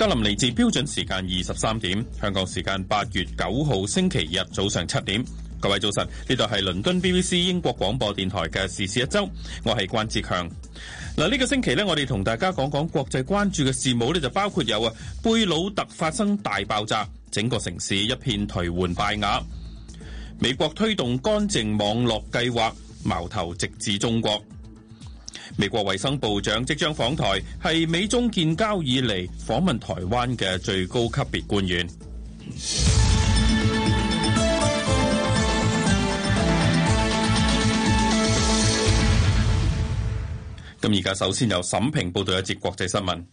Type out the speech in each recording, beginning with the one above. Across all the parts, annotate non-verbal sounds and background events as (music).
格林尼治標準時間二十三點，香港時間八月九號星期日早上七點。各位早晨，呢度係倫敦 BBC 英國廣播電台嘅時事一周，我係關志強。嗱、啊、呢、這個星期咧，我哋同大家講講國際關注嘅事務咧，就包括有啊，貝魯特發生大爆炸，整個城市一片頹垣敗瓦；美國推動乾淨網絡計劃，矛頭直指中國。美國衛生部長即將訪台，係美中建交以嚟訪問台灣嘅最高級別官員。咁而家首先由沈平報道一節國際新聞。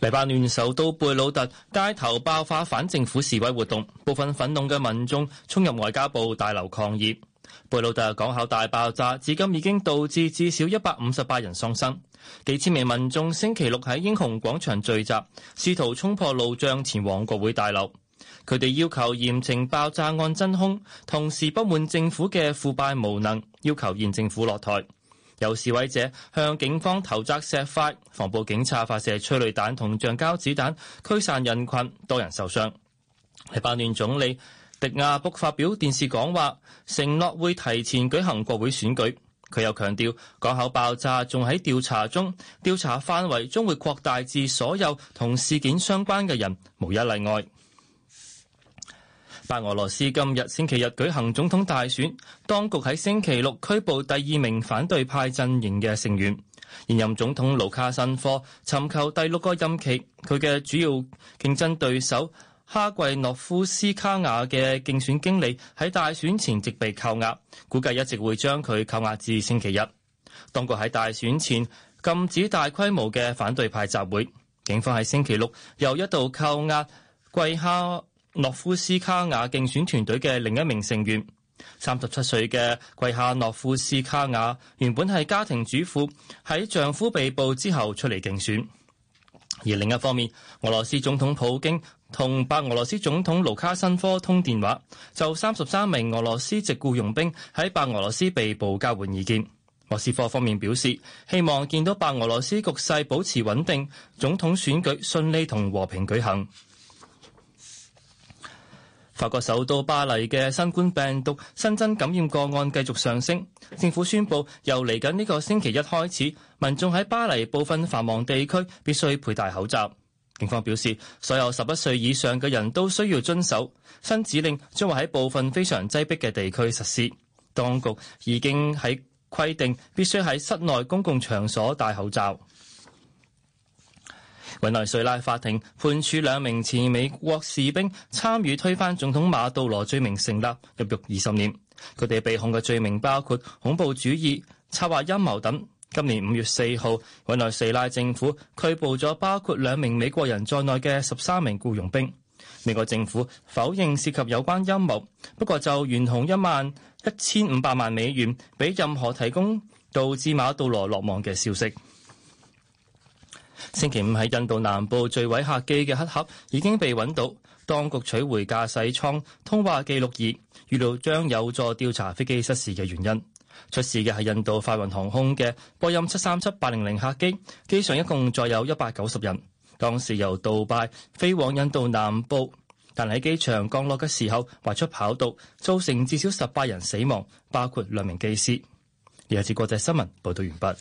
黎巴嫩首都貝魯特街頭爆發反政府示威活動，部分憤怒嘅民眾衝入外交部大樓抗議。貝魯特港口大爆炸至今已經導致至少一百五十八人喪生，幾千名民眾星期六喺英雄廣場聚集，試圖衝破路障前往國會大樓，佢哋要求嚴懲爆炸案真兇，同時不滿政府嘅腐敗無能，要求現政府落台。有示威者向警方投擲石塊，防暴警察發射催淚彈同橡膠子彈驅散人群，多人受傷，黎巴嫩總理，迪亞卜發表電視講話,承諾會提前舉行國會選舉,佢又強調,港口爆炸仲喺調查中,調查範圍將會擴大至所有同事件相關嘅人,無一例外。白俄羅斯今日星期日舉行總統大選,當局喺星期六拘捕第二名反對派陣營嘅成員。現任總統盧卡申科尋求第六個任期,佢嘅主要競爭對手。哈季諾夫斯卡瓦嘅競選經理喺大選前即被扣押，估計一直會將佢扣押至星期一。當局喺大選前禁止大規模嘅反對派集會，警方喺星期六又一度扣押季下諾夫斯卡瓦競選團隊嘅另一名成員，三十七歲嘅季下諾夫斯卡瓦原本係家庭主婦，喺丈夫被捕之後出嚟競選。而另一方面，俄羅斯總統普京同白俄羅斯總統盧卡申科通電話，就三十三名俄羅斯籍僱傭兵喺白俄羅斯被捕交換意見。莫斯科方面表示，希望見到白俄羅斯局勢保持穩定，總統選舉順利同和，和平舉行。法國首都巴黎嘅新冠病毒新增感染個案繼續上升，政府宣布由嚟緊呢個星期一開始。民眾喺巴黎部分繁忙地區必須佩戴口罩。警方表示，所有十一歲以上嘅人都需要遵守新指令，將會喺部分非常擠迫嘅地區實施。當局已經喺規定必須喺室內公共場所戴口罩。委內瑞拉法庭判處兩名前美國士兵參與推翻總統馬杜羅罪名成立，入獄二十年。佢哋被控嘅罪名包括恐怖主義、策劃陰謀等。今年五月四號，委內瑞拉政府拘捕咗包括兩名美國人在內嘅十三名僱傭兵。美國政府否認涉及有關陰謀，不過就懸紅一萬一千五百萬美元俾任何提供導致馬杜羅落網嘅消息。星期五喺印度南部墜毀客機嘅黑盒已經被揾到，當局取回駕駛艙通話記錄儀，預料將有助調查飛機失事嘅原因。出事嘅係印度快運航空嘅波音七三七八零零客機，機上一共載有一百九十人，當時由杜拜飛往印度南部，但喺機場降落嘅時候滑出跑道，造成至少十八人死亡，包括兩名機師。而係自國際新聞報道完畢。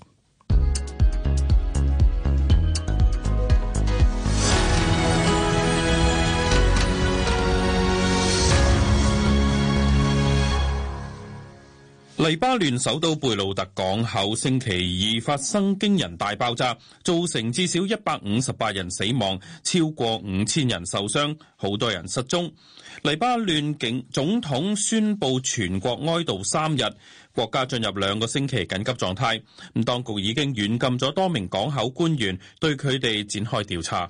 黎巴嫩首都貝魯特港口星期二發生驚人大爆炸，造成至少一百五十八人死亡，超過五千人受傷，好多人失蹤。黎巴嫩警總統宣布全國哀悼三日，國家進入兩個星期緊急狀態。當局已經軟禁咗多名港口官員，對佢哋展開調查。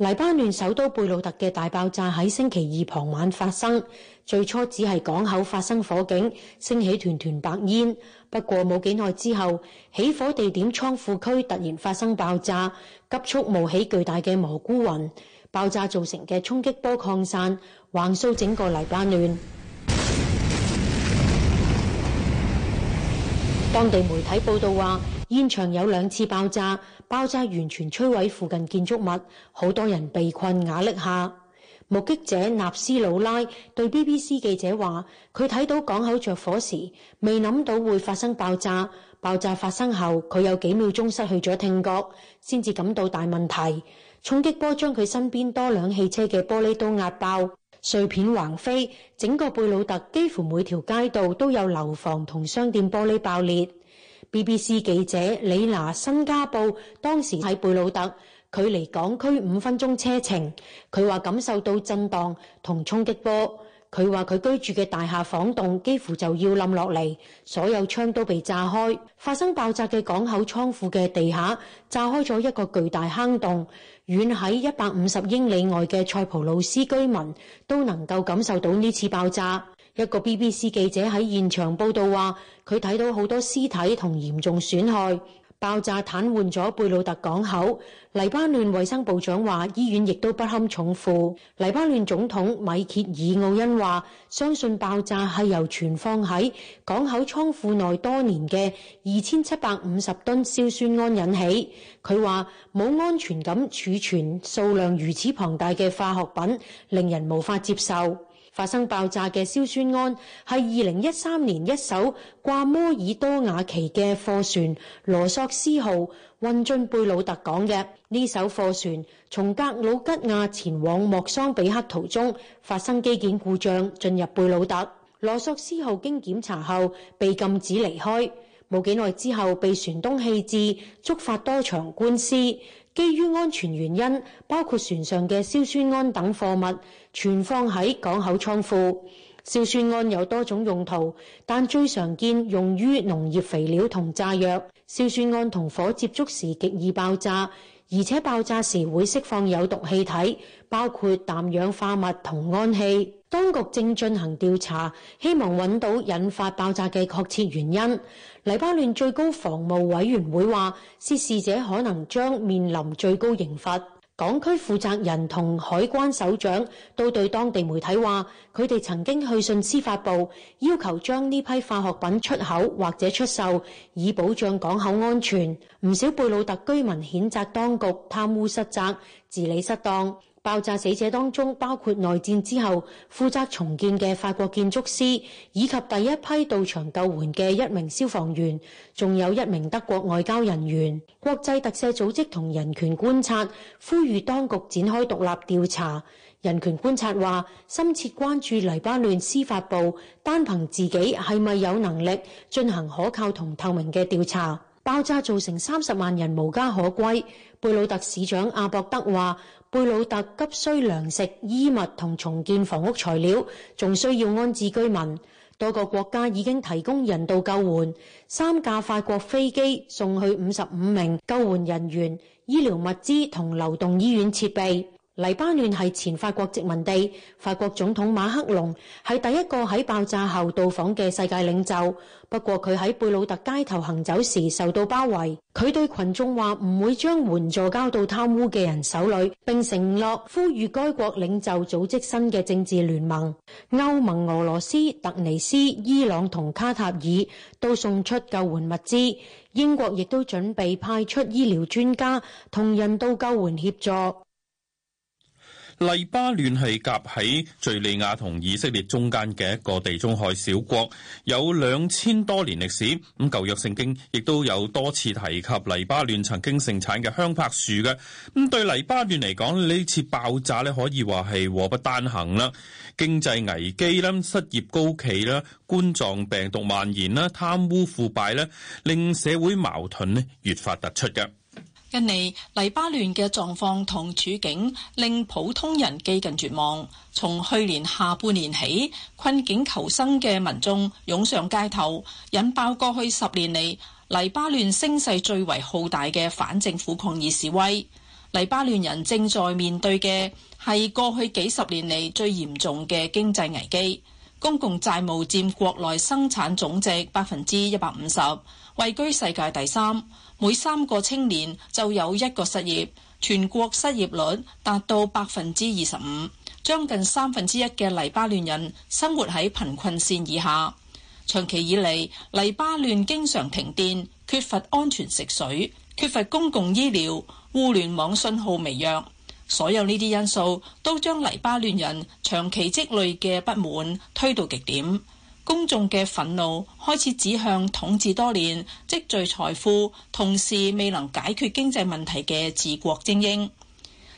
黎巴嫩首都貝魯特嘅大爆炸喺星期二傍晚發生，最初只係港口發生火警，升起團團白煙。不過冇幾耐之後，起火地點倉庫區突然發生爆炸，急速冒起巨大嘅蘑菇雲。爆炸造成嘅衝擊波擴散，橫掃整個黎巴嫩。當地媒體報道話。現場有兩次爆炸，爆炸完全摧毀附近建築物，好多人被困瓦礫下。目擊者納斯魯拉對 BBC 記者話，佢睇到港口着火時，未諗到會發生爆炸。爆炸發生後，佢有幾秒鐘失去咗聽覺，先至感到大問題。衝擊波將佢身邊多輛汽車嘅玻璃都壓爆，碎片橫飛，整個貝魯特幾乎每條街道都有樓房同商店玻璃爆裂。BBC 記者李娜新加布當時喺貝魯特，距離港區五分鐘車程。佢話感受到震盪同衝擊波。佢話佢居住嘅大廈晃動幾乎就要冧落嚟，所有窗都被炸開。發生爆炸嘅港口倉庫嘅地下炸開咗一個巨大坑洞。遠喺一百五十英里外嘅塞浦路斯居民都能夠感受到呢次爆炸。一個 BBC 記者喺現場報道話，佢睇到好多屍體同嚴重損害，爆炸癱瘓咗貝魯特港口。黎巴嫩衛生部長話，醫院亦都不堪重負。黎巴嫩總統米歇爾奧恩話，相信爆炸係由存放喺港口倉庫內多年嘅二千七百五十噸硝酸銨引起。佢話冇安全感儲存數量如此龐大嘅化學品，令人無法接受。發生爆炸嘅硝酸銨係二零一三年一艘掛摩爾多瓦旗嘅貨船羅索斯號運進貝魯特港嘅。呢艘貨船從格魯吉亞前往莫桑比克途中發生機件故障，進入貝魯特。羅索斯號經檢查後被禁止離開，冇幾耐之後被船東棄置，觸發多場官司。基於安全原因，包括船上嘅硝酸銨等貨物，存放喺港口倉庫。硝酸銨有多種用途，但最常見用於農業肥料同炸藥。硝酸銨同火接觸時極易爆炸，而且爆炸時會釋放有毒氣體，包括氮氧化物同氨氣。當局正進行調查，希望揾到引發爆炸嘅確切原因。黎巴嫩最高防務委員會話，肇事者可能將面臨最高刑罰。港區負責人同海關首長都對當地媒體話，佢哋曾經去信司法部，要求將呢批化學品出口或者出售，以保障港口安全。唔少貝魯特居民譴責當局貪污失責、治理失當。爆炸死者當中包括內戰之後負責重建嘅法國建築師，以及第一批到場救援嘅一名消防員，仲有一名德國外交人員。國際特赦組織同人權觀察呼籲當局展開獨立調查。人權觀察話，深切關注黎巴嫩司法部單憑自己係咪有能力進行可靠同透明嘅調查。爆炸造成三十萬人無家可歸。貝魯特市長阿博德話。貝魯特急需糧食、衣物同重建房屋材料，仲需要安置居民。多個國家已經提供人道救援，三架法國飛機送去五十五名救援人員、醫療物資同流動醫院設備。黎巴嫩係前法國殖民地，法國總統馬克龍係第一個喺爆炸後到訪嘅世界領袖。不過佢喺貝魯特街頭行走時受到包圍，佢對群眾話唔會將援助交到貪污嘅人手裏，並承諾呼籲該國領袖組織新嘅政治聯盟。歐盟、俄羅斯、特尼斯、伊朗同卡塔爾都送出救援物資，英國亦都準備派出醫療專家同人道救援協助。黎巴嫩係夾喺敘利亞同以色列中間嘅一個地中海小國，有兩千多年歷史。咁舊約聖經亦都有多次提及黎巴嫩曾經盛產嘅香柏樹嘅。咁對黎巴嫩嚟講，呢次爆炸咧可以話係禍不單行啦，經濟危機啦、失業高企啦、冠狀病毒蔓延啦、貪污腐敗咧，令社會矛盾咧越發突出嘅。近嚟黎巴嫩嘅狀況同處境令普通人幾近絕望。從去年下半年起，困境求生嘅民眾湧上街頭，引爆過去十年嚟黎巴嫩聲勢最為浩大嘅反政府抗議示威。黎巴嫩人正在面對嘅係過去幾十年嚟最嚴重嘅經濟危機，公共債務佔國內生產總值百分之一百五十，位居世界第三。每三個青年就有一個失業，全國失業率達到百分之二十五，將近三分之一嘅黎巴嫩人生活喺貧困線以下。長期以嚟，黎巴嫩經常停電，缺乏安全食水，缺乏公共醫療，互聯網信號微弱，所有呢啲因素都將黎巴嫩人長期積累嘅不滿推到極點。公眾嘅憤怒開始指向統治多年、積聚財富，同時未能解決經濟問題嘅治國精英。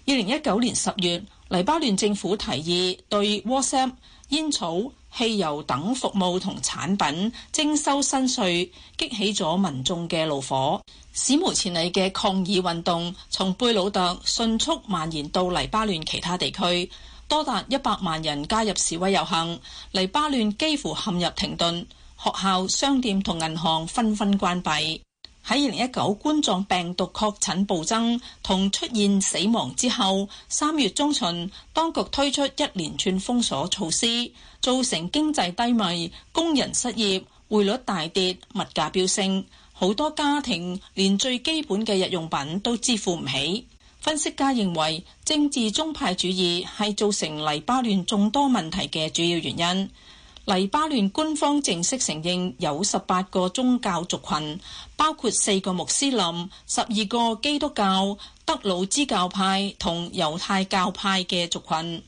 二零一九年十月，黎巴嫩政府提議對 WhatsApp、煙草、汽油等服務同產品徵收新稅，激起咗民眾嘅怒火。史無前例嘅抗議運動從貝魯特迅速蔓延到黎巴嫩其他地區。多達一百萬人加入示威遊行，黎巴嫩幾乎陷入停頓，學校、商店同銀行紛紛關閉。喺二零一九冠狀病毒確診暴增同出現死亡之後，三月中旬當局推出一連串封鎖措施，造成經濟低迷、工人失業、匯率大跌、物價飆升，好多家庭連最基本嘅日用品都支付唔起。分析家認為，政治宗派主義係造成黎巴嫩眾多問題嘅主要原因。黎巴嫩官方正式承認有十八個宗教族群，包括四個穆斯林、十二個基督教、德魯茲教派同猶太教派嘅族群。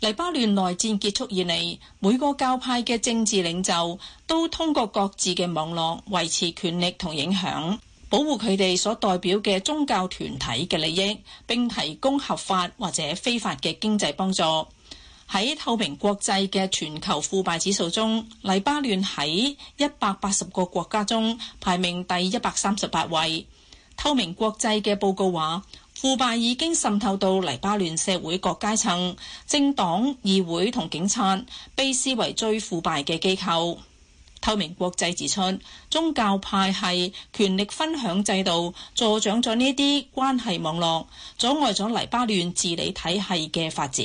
黎巴嫩內戰結束以嚟，每個教派嘅政治領袖都通過各自嘅網絡維持權力同影響。保護佢哋所代表嘅宗教團體嘅利益，並提供合法或者非法嘅經濟幫助。喺透明國際嘅全球腐敗指數中，黎巴嫩喺一百八十個國家中排名第一百三十八位。透明國際嘅報告話，腐敗已經滲透到黎巴嫩社會各階層、政黨、議會同警察，被視為最腐敗嘅機構。透明國際指出，宗教派系權力分享制度助長咗呢啲關係網絡，阻礙咗黎巴嫩治理體系嘅發展。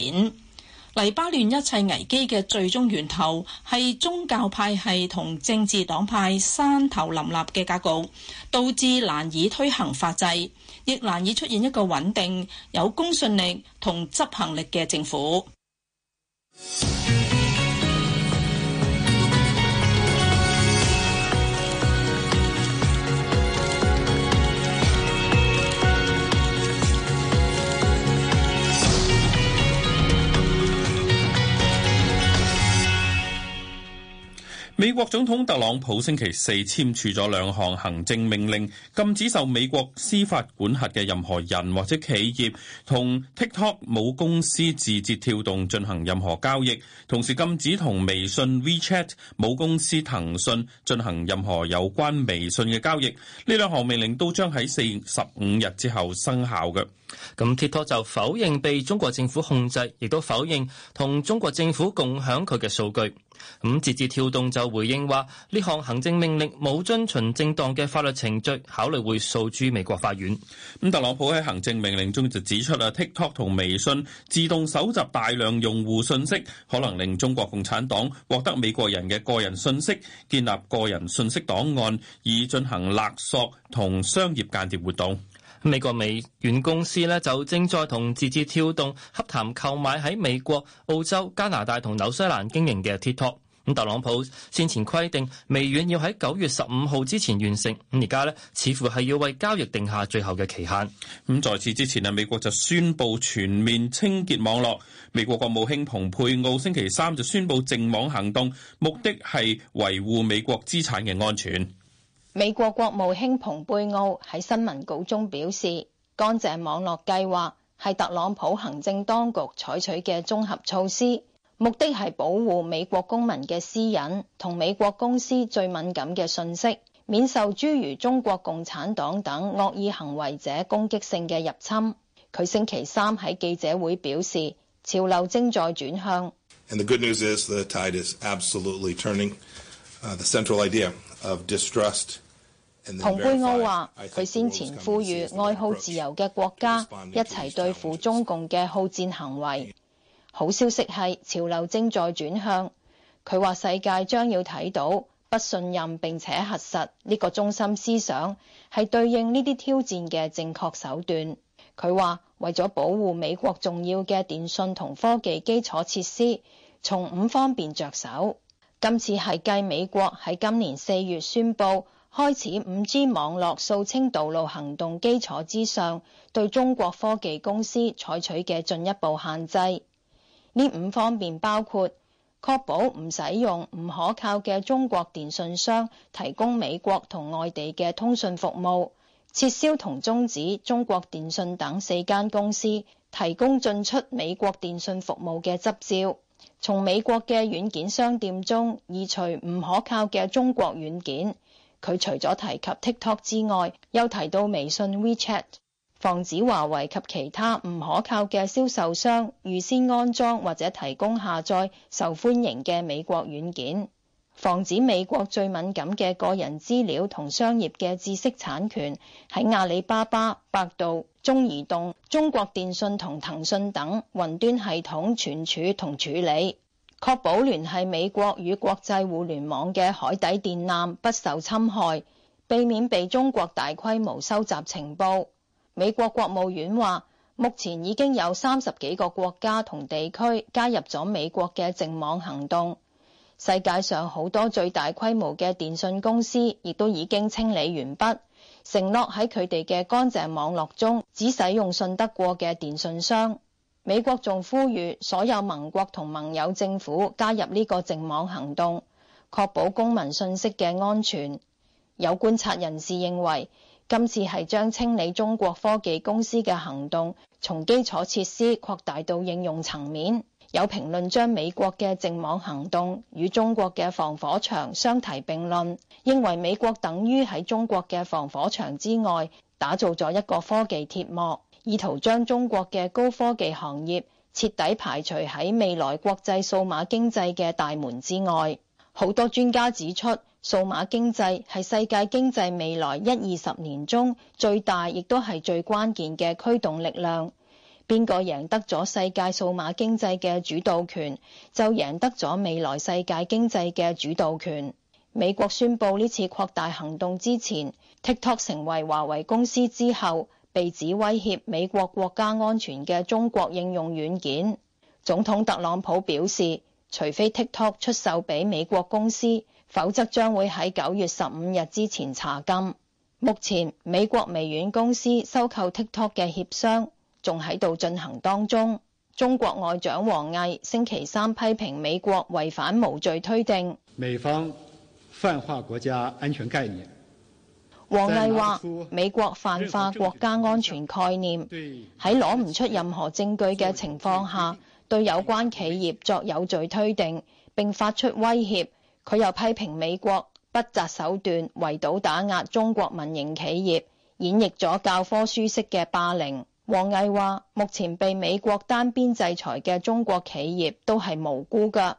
黎巴嫩一切危機嘅最終源頭係宗教派系同政治黨派山頭林立嘅格局，導致難以推行法制，亦難以出現一個穩定、有公信力同執行力嘅政府。美國總統特朗普星期四簽署咗兩項行政命令，禁止受美國司法管轄嘅任何人或者企業同 TikTok 母公司字節跳動進行任何交易，同時禁止同微信 WeChat 母公司騰訊進行任何有關微信嘅交易。呢兩項命令都將喺四十五日之後生效嘅。咁，TikTok 就否認被中國政府控制，亦都否認同中國政府共享佢嘅數據。咁、嗯，字節跳動就回應話，呢項行政命令冇遵循正當嘅法律程序，考慮會訴諸美國法院。咁，特朗普喺行政命令中就指出啦，TikTok 同微信自動搜集大量用戶信息，可能令中國共產黨獲得美國人嘅個人信息，建立個人信息檔案，以進行勒索同商業間諜活動。美國微軟公司咧就正在同字節跳動洽談購買喺美國、澳洲、加拿大同紐西蘭經營嘅 TikTok。咁，特朗普先前規定微軟要喺九月十五號之前完成，咁而家咧似乎係要為交易定下最後嘅期限。咁，在此之前啊，美國就宣布全面清潔網絡。美國國務卿蓬佩奧星期三就宣布淨網行動，目的係維護美國資產嘅安全。美國國務卿蓬佩奧喺新聞稿中表示，乾淨網絡計劃係特朗普行政當局採取嘅綜合措施，目的係保護美國公民嘅私隱同美國公司最敏感嘅信息，免受諸如中國共產黨等惡意行為者攻擊性嘅入侵。佢星期三喺記者會表示，潮流正在轉向。And the good news is the tide is absolutely turning, uh, the central idea of distrust. 同佩奧話：佢先前呼籲愛好自由嘅國家一齊對付中共嘅好戰行為。好消息係潮流正在轉向。佢話世界將要睇到不信任，並且核實呢個中心思想係對應呢啲挑戰嘅正確手段。佢話為咗保護美國重要嘅電訊同科技基礎設施，從五方面着手。今次係繼美國喺今年四月宣布，開始五 G 網絡掃清道路行動基礎之上，對中國科技公司採取嘅進一步限制。呢五方面包括確保唔使用唔可靠嘅中國電信商提供美國同外地嘅通訊服務，撤銷同終止中國電信等四間公司提供進出美國電信服務嘅執照，從美國嘅軟件商店中移除唔可靠嘅中國軟件。佢除咗提及 TikTok 之外，又提到微信 WeChat，防止華為及其他唔可靠嘅銷售商預先安裝或者提供下載受歡迎嘅美國軟件，防止美國最敏感嘅個人資料同商業嘅知識產權喺阿里巴巴、百度、中移動、中國電信同騰訊等雲端系統存儲同處理。確保聯繫美國與國際互聯網嘅海底電纜不受侵害，避免被中國大規模收集情報。美國國務院話，目前已經有三十幾個國家同地區加入咗美國嘅淨網行動。世界上好多最大規模嘅電訊公司亦都已經清理完畢，承諾喺佢哋嘅乾淨網絡中只使用信得過嘅電訊商。美國仲呼籲所有盟國同盟友政府加入呢個淨網行動，確保公民信息嘅安全。有觀察人士認為，今次係將清理中國科技公司嘅行動從基礎設施擴大到應用層面。有評論將美國嘅淨網行動與中國嘅防火牆相提並論，認為美國等於喺中國嘅防火牆之外打造咗一個科技鐵幕。意圖將中國嘅高科技行業徹底排除喺未來國際數碼經濟嘅大門之外。好多專家指出，數碼經濟係世界經濟未來一二十年中最大亦都係最關鍵嘅驅動力量。邊個贏得咗世界數碼經濟嘅主導權，就贏得咗未來世界經濟嘅主導權。美國宣布呢次擴大行動之前，TikTok 成為華為公司之後。被指威脅美國國家安全嘅中國應用軟件，總統特朗普表示，除非 TikTok 出售俾美國公司，否則將會喺九月十五日之前查禁。目前美國微軟公司收購 TikTok 嘅協商仲喺度進行當中。中國外長王毅星期三批評美國違反無罪推定，美方泛化國家安全概念。王毅話：美國泛化國家安全概念，喺攞唔出任何證據嘅情況下，對有關企業作有罪推定，並發出威脅。佢又批評美國不擇手段圍堵打壓中國民營企業，演繹咗教科書式嘅霸凌。王毅話：目前被美國單邊制裁嘅中國企業都係無辜㗎，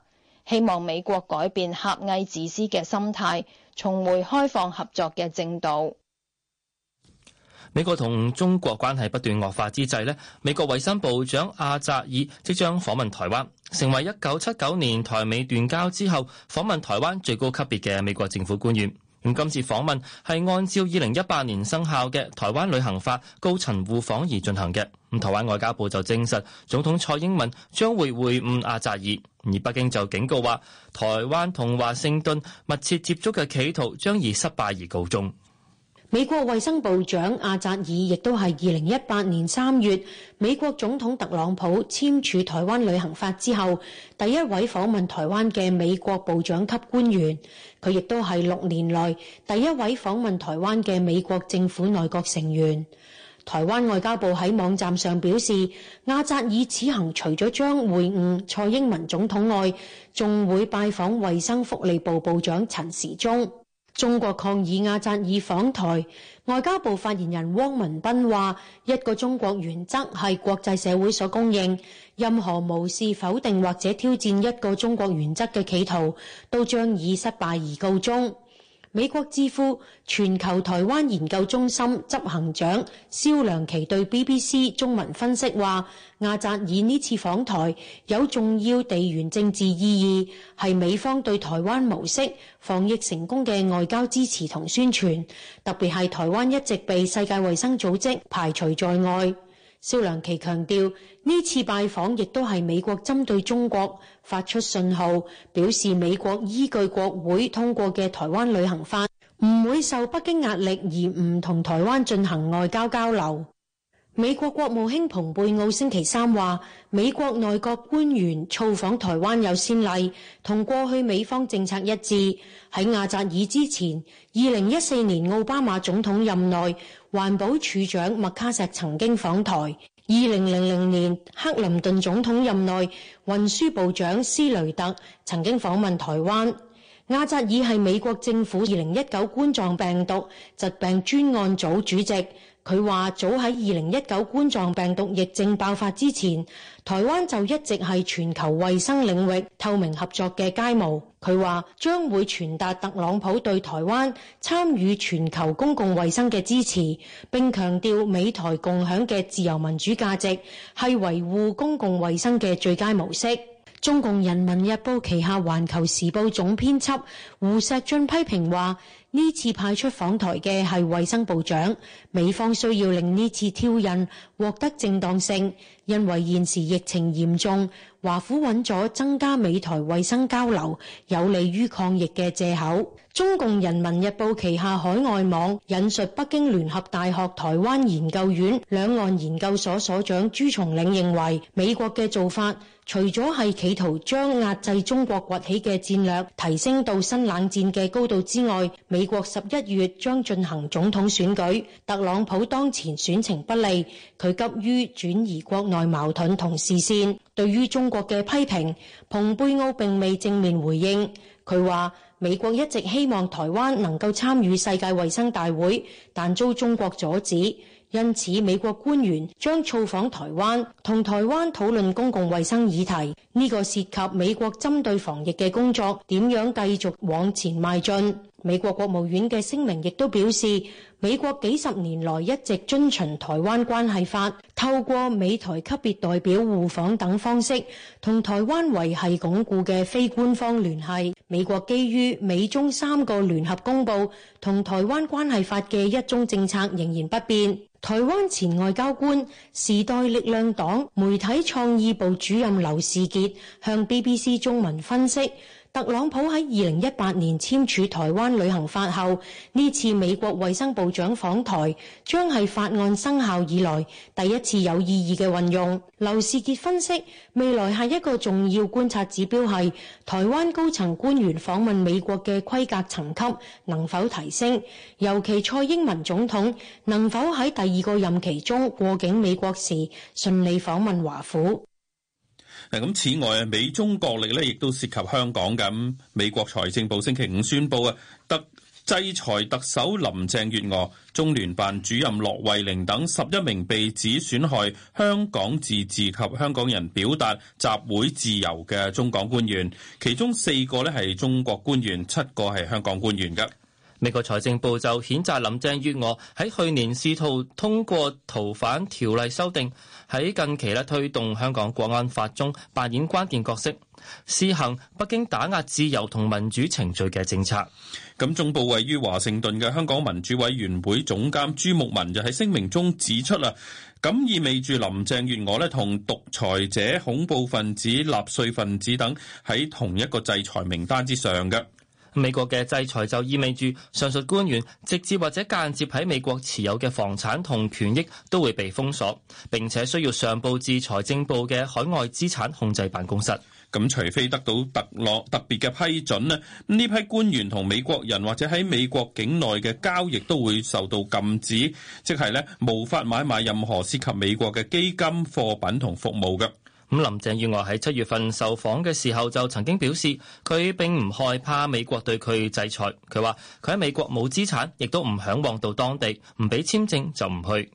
希望美國改變狹隘自私嘅心態。重回開放合作嘅正道。美國同中國關係不斷惡化之際呢，美國衞生部長阿扎爾即將訪問台灣，成為一九七九年台美斷交之後訪問台灣最高級別嘅美國政府官員。咁今次訪問係按照二零一八年生效嘅台灣旅行法高層互訪而進行嘅。咁台灣外交部就證實，總統蔡英文將會會晤阿扎爾，而北京就警告話，台灣同華盛頓密切接觸嘅企圖將以失敗而告終。美國衛生部長阿扎爾亦都係二零一八年三月美國總統特朗普簽署台灣旅行法之後第一位訪問台灣嘅美國部長級官員，佢亦都係六年內第一位訪問台灣嘅美國政府內閣成員。台灣外交部喺網站上表示，阿扎爾此行除咗將會晤蔡英文總統外，仲會拜訪衛生福利部部長陳時中。中國抗議阿扎爾訪台，外交部發言人汪文斌話，一個中國原則係國際社會所公認，任何無視、否定或者挑戰一個中國原則嘅企圖，都將以失敗而告終。美國智庫全球台灣研究中心執行長蕭良奇對 BBC 中文分析話，阿扎爾呢次訪台有重要地緣政治意義，係美方對台灣模式防疫成功嘅外交支持同宣傳，特別係台灣一直被世界衛生組織排除在外。肖良琪強調，呢次拜訪亦都係美國針對中國發出信號，表示美國依據國會通過嘅台灣旅行法，唔會受北京壓力而唔同台灣進行外交交流。美國國務卿蓬佩奧星期三話，美國內閣官員造訪台灣有先例，同過去美方政策一致。喺亞扎爾之前，二零一四年奧巴馬總統任內，環保署長麥卡錫曾經訪台；二零零零年克林頓總統任內，運輸部長斯雷特曾經訪問台灣。亞扎爾係美國政府二零一九冠狀病毒疾病專案組主席。佢話：早喺二零一九冠狀病毒疫症爆發之前，台灣就一直係全球衞生領域透明合作嘅楷模。佢話將會傳達特朗普對台灣參與全球公共衞生嘅支持，並強調美台共享嘅自由民主價值係維護公共衞生嘅最佳模式。中共人民日報旗下《環球時報》總編輯胡錫進批評話。呢次派出訪台嘅係衛生部長，美方需要令呢次挑釁獲得正當性。因為現時疫情嚴重，華府揾咗增加美台衛生交流，有利於抗疫嘅借口。中共人民日報旗下海外網引述北京聯合大學台灣研究院兩岸研究所所所長朱松嶺認為，美國嘅做法除咗係企圖將壓制中國崛起嘅戰略提升到新冷戰嘅高度之外，美國十一月將進行總統選舉，特朗普當前選情不利，佢急於轉移國內。內矛盾同視線，對於中國嘅批評，蓬佩奧並未正面回應。佢話：美國一直希望台灣能夠參與世界衛生大會，但遭中國阻止。因此，美國官員將造訪台灣，同台灣討論公共衛生議題。呢、這個涉及美國針對防疫嘅工作點樣繼續往前邁進。美國國務院嘅聲明亦都表示，美國幾十年來一直遵循《台灣關係法》，透過美台級別代表互訪等方式，同台灣維繫鞏固嘅非官方聯繫。美國基於美中三個聯合公報同《台灣關係法》嘅一中政策仍然不變。台灣前外交官、時代力量黨媒體創意部主任劉士傑向 BBC 中文分析。特朗普喺二零一八年簽署台灣旅行法後，呢次美國衛生部長訪台將係法案生效以來第一次有意義嘅運用。劉士傑分析，未來下一個重要觀察指標係台灣高層官員訪問美國嘅規格層級能否提升，尤其蔡英文總統能否喺第二個任期中過境美國時順利訪問華府。誒咁，此外美中角力咧，亦都涉及香港咁。美國財政部星期五宣布啊，特制裁特首林鄭月娥、中聯辦主任駱惠寧等十一名被指損害香港自治及香港人表達集會自由嘅中港官員，其中四個咧係中國官員，七個係香港官員嘅。美國財政部就譴責林鄭月娥喺去年試圖通過逃犯條例修訂，喺近期咧推動香港《國安法》中扮演關鍵角色，施行北京打壓自由同民主程序嘅政策。咁總部位於華盛頓嘅香港民主委員會總監朱木文就喺聲明中指出啦，咁意味住林鄭月娥咧同獨裁者、恐怖分子、納粹分子等喺同一個制裁名單之上嘅。美國嘅制裁就意味住上述官員直接或者間接喺美國持有嘅房產同權益都會被封鎖，並且需要上報至財政部嘅海外資產控制辦公室。咁除非得到特諾特別嘅批准咧，呢批官員同美國人或者喺美國境內嘅交易都會受到禁止，即係咧無法買賣任何涉及美國嘅基金、貨品同服務嘅。咁林鄭月娥喺七月份受訪嘅時候就曾經表示，佢並唔害怕美國對佢制裁。佢話：佢喺美國冇資產，亦都唔嚮往到當地，唔俾簽證就唔去。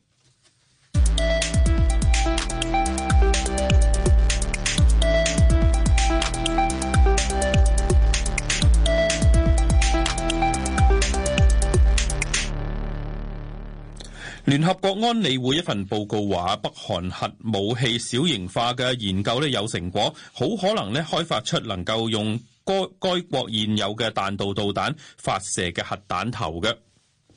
聯合國安理會一份報告話，北韓核武器小型化嘅研究咧有成果，好可能咧開發出能夠用該該國現有嘅彈道導彈發射嘅核彈頭嘅。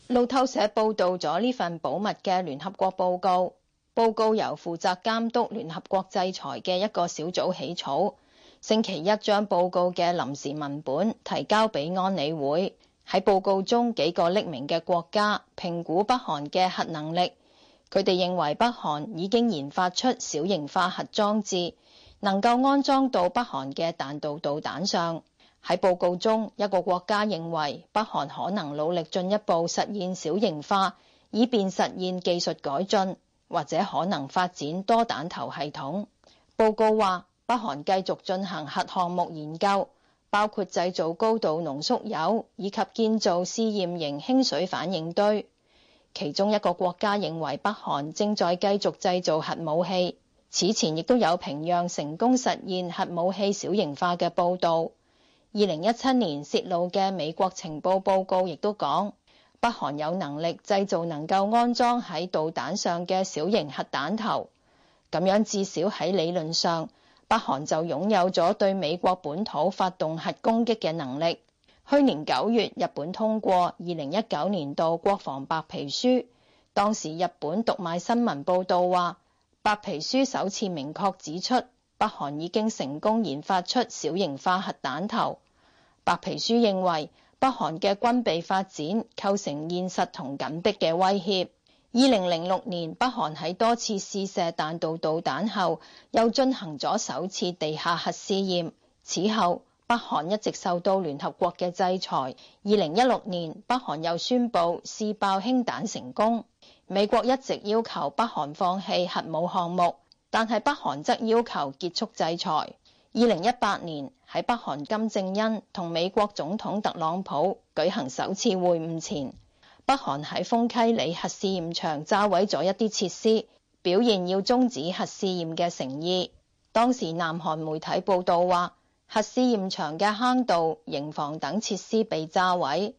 路透社報道咗呢份保密嘅聯合國報告，報告由負責監督聯合國制裁嘅一個小組起草，星期一將報告嘅臨時文本提交俾安理會。喺報告中，幾個匿名嘅國家評估北韓嘅核能力。佢哋認為北韓已經研發出小型化核裝置，能夠安裝到北韓嘅彈道導彈上。喺報告中，一個國家認為北韓可能努力進一步實現小型化，以便實現技術改進，或者可能發展多彈頭系統。報告話，北韓繼續進行核項目研究。包括製造高度濃縮鈾，以及建造試驗型輕水反應堆，其中一個國家認為北韓正在繼續製造核武器。此前亦都有平壤成功實現核武器小型化嘅報道。二零一七年洩露嘅美國情報報告亦都講，北韓有能力製造能夠安裝喺導彈上嘅小型核彈頭，咁樣至少喺理論上。北韓就擁有咗對美國本土發動核攻擊嘅能力。去年九月，日本通過二零一九年度國防白皮書，當時日本讀賣新聞報導話，白皮書首次明確指出北韓已經成功研發出小型化核彈頭。白皮書認為北韓嘅軍備發展構成現實同緊迫嘅威脅。二零零六年，北韓喺多次試射彈道導彈後，又進行咗首次地下核試驗。此後，北韓一直受到聯合國嘅制裁。二零一六年，北韓又宣布試爆氫彈成功。美國一直要求北韓放棄核武項目，但係北韓則要求結束制裁。二零一八年，喺北韓金正恩同美國總統特朗普舉行首次會晤前。北韓喺豐溪里核試驗場炸毀咗一啲設施，表現要中止核試驗嘅誠意。當時南韓媒體報道話，核試驗場嘅坑道、營房等設施被炸毀，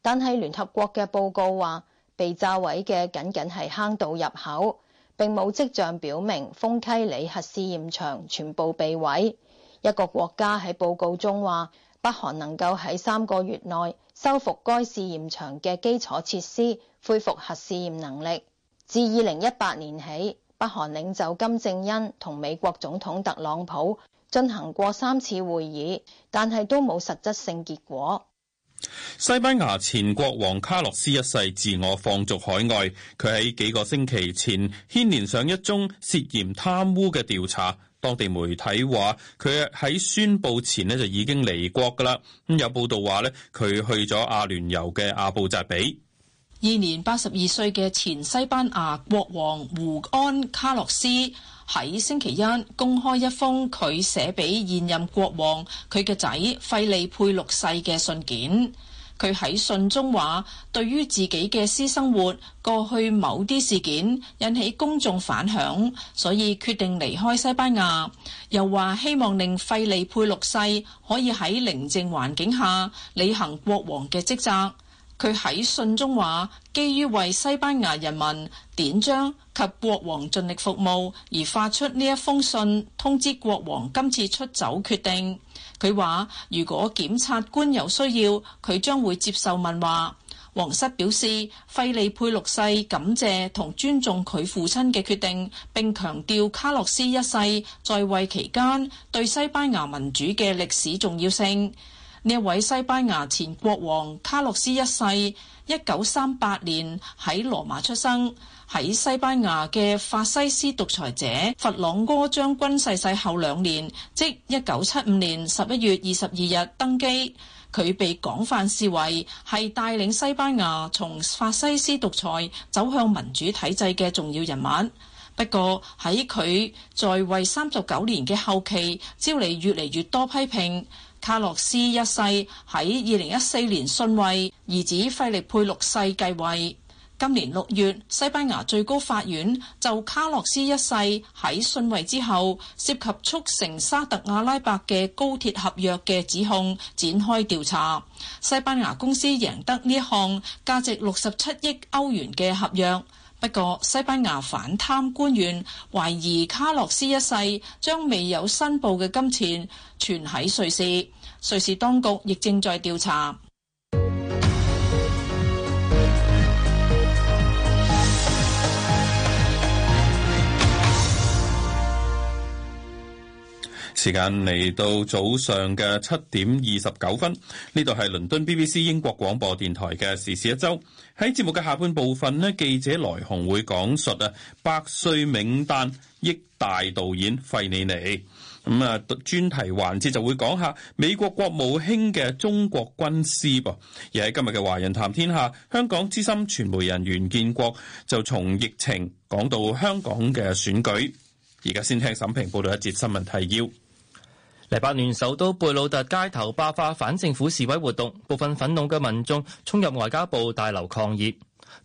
但係聯合國嘅報告話，被炸毀嘅僅僅係坑道入口，並冇跡象表明豐溪里核試驗場全部被毀。一個國家喺報告中話，北韓能夠喺三個月內。修復該試驗場嘅基礎設施，恢復核試驗能力。自二零一八年起，北韓領袖金正恩同美國總統特朗普進行過三次會議，但係都冇實質性結果。西班牙前國王卡洛斯一世自我放逐海外，佢喺幾個星期前牽連上一宗涉嫌貪污嘅調查。當地媒體話佢喺宣佈前呢就已經離國噶啦，咁有報道話呢佢去咗阿聯酋嘅阿布扎比。現年八十二歲嘅前西班牙國王胡安卡洛斯喺星期一公開一封佢寫俾現任國王佢嘅仔費利佩六世嘅信件。佢喺信中話：對於自己嘅私生活過去某啲事件引起公眾反響，所以決定離開西班牙。又話希望令費利佩六世可以喺寧靜環境下履行國王嘅職責。佢喺信中話：基於為西班牙人民、典章及國王盡力服務而發出呢一封信，通知國王今次出走決定。佢話：如果檢察官有需要，佢將會接受問話。王室表示費利佩六世感謝同尊重佢父親嘅決定，並強調卡洛斯一世在位期間對西班牙民主嘅歷史重要性。呢位西班牙前國王卡洛斯一世，一九三八年喺羅馬出生。喺西班牙嘅法西斯獨裁者弗朗哥將軍逝世後兩年，即一九七五年十一月二十二日登基。佢被廣泛視為係帶領西班牙從法西斯獨裁走向民主體制嘅重要人物。不過喺佢在位三十九年嘅後期，招嚟越嚟越多批評。卡洛斯一世喺二零一四年遜位，兒子費力佩六世繼位。今年六月，西班牙最高法院就卡洛斯一世喺遜位之後涉及促成沙特阿拉伯嘅高鐵合約嘅指控展開調查。西班牙公司贏得呢一項價值六十七億歐元嘅合約，不過西班牙反貪官員懷疑卡洛斯一世將未有申報嘅金錢存喺瑞士，瑞士當局亦正在調查。時間嚟到早上嘅七點二十九分，呢度係倫敦 BBC 英國廣播電台嘅時事一周。喺節目嘅下半部分咧，記者來鴻會講述啊百歲冥誕憶大導演費里尼。咁啊，專、嗯、題環節就會講下美國國務卿嘅中國軍師噃。而喺今日嘅《華人談天下》，香港資深傳媒人袁建國就從疫情講到香港嘅選舉。而家先聽沈平報道一節新聞提要。黎巴嫩首都貝魯特街頭爆發反政府示威活動，部分憤怒嘅民眾衝入外交部大樓抗議。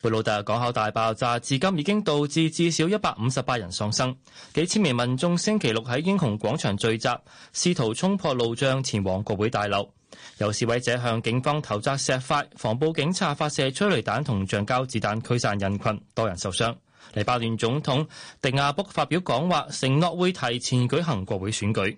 貝魯特港口大爆炸至今已經導致至少一百五十八人喪生，幾千名民眾星期六喺英雄廣場聚集，試圖衝破路障前往國會大樓。有示威者向警方投擲石塊，防暴警察發射催淚彈同橡膠子彈驅散人群，多人受傷。黎巴嫩總統迪亞卜發表講話，承諾會提前舉行國會選舉。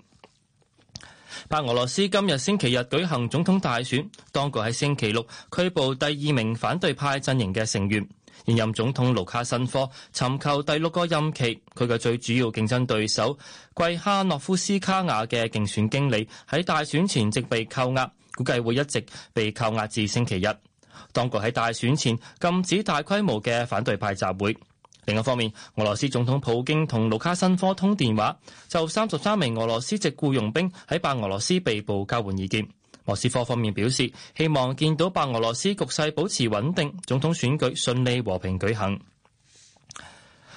白俄羅斯今日星期日舉行總統大選，當局喺星期六拘捕第二名反對派陣營嘅成員。現任總統盧卡申科尋求第六個任期，佢嘅最主要競爭對手季哈諾夫斯卡亞嘅競選經理喺大選前夕被扣押，估計會一直被扣押至星期一。當局喺大選前禁止大規模嘅反對派集會。另一方面，俄羅斯總統普京同盧卡申科通電話，就三十三名俄羅斯籍僱傭兵喺白俄羅斯被捕交換意見。莫斯科方面表示，希望見到白俄羅斯局勢保持穩定，總統選舉順利和平舉行。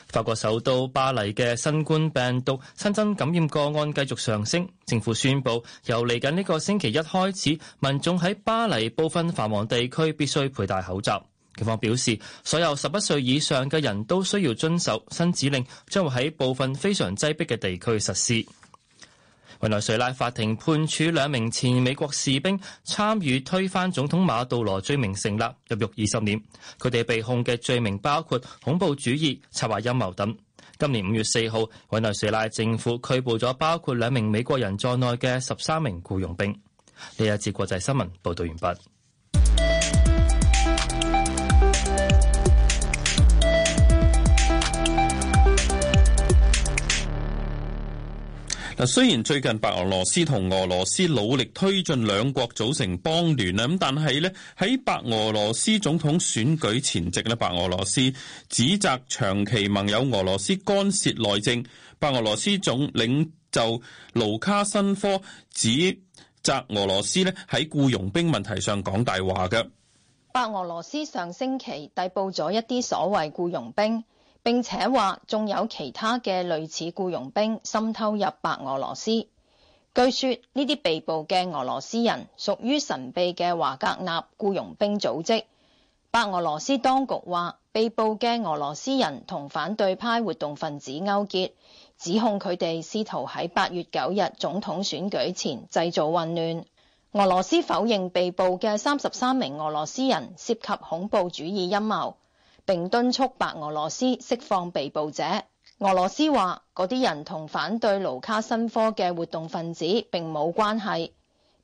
法國首都巴黎嘅新冠病毒新增感染個案繼續上升，政府宣布由嚟緊呢個星期一開始，民眾喺巴黎部分繁忙地區必須佩戴口罩。警方表示，所有十一歲以上嘅人都需要遵守新指令，將會喺部分非常擠迫嘅地區實施。委內瑞拉法庭判處兩名前美國士兵參與推翻總統馬杜羅罪名成立，入獄二十年。佢哋被控嘅罪名包括恐怖主義、策劃陰謀等。今年五月四號，委內瑞拉政府拘捕咗包括兩名美國人在內嘅十三名僱傭兵。呢一節國際新聞報道完畢。嗱，雖然最近白俄羅斯同俄羅斯努力推進兩國組成邦聯啊，咁但係咧喺白俄羅斯總統選舉前夕咧，白俄羅斯指責長期盟友俄羅斯干涉內政。白俄羅斯總領袖盧卡申科指責俄羅斯咧喺僱傭兵問題上講大話嘅。白俄羅斯上星期逮捕咗一啲所謂僱傭兵。並且話，仲有其他嘅類似僱傭兵滲透入白俄羅斯。據說呢啲被捕嘅俄羅斯人屬於神秘嘅華格納僱傭兵組織。白俄羅斯當局話，被捕嘅俄羅斯人同反對派活動分子勾結，指控佢哋試圖喺八月九日總統選舉前製造混亂。俄羅斯否認被捕嘅三十三名俄羅斯人涉及恐怖主義陰謀。並敦促白俄羅斯釋放被捕者。俄羅斯話嗰啲人同反對盧卡申科嘅活動分子並冇關係。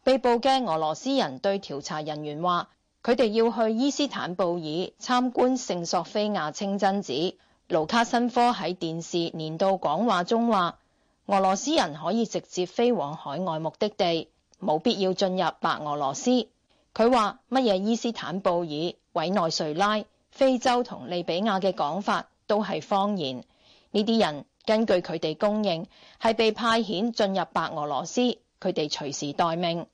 被捕嘅俄羅斯人對調查人員話：佢哋要去伊斯坦布爾參觀聖索菲亞清真寺。盧卡申科喺電視年度講話中話：俄羅斯人可以直接飛往海外目的地，冇必要進入白俄羅斯。佢話乜嘢伊斯坦布爾、委內瑞拉？非洲同利比亞嘅講法都係謊言。呢啲人根據佢哋供應，係被派遣進入白俄羅斯，佢哋隨時待命。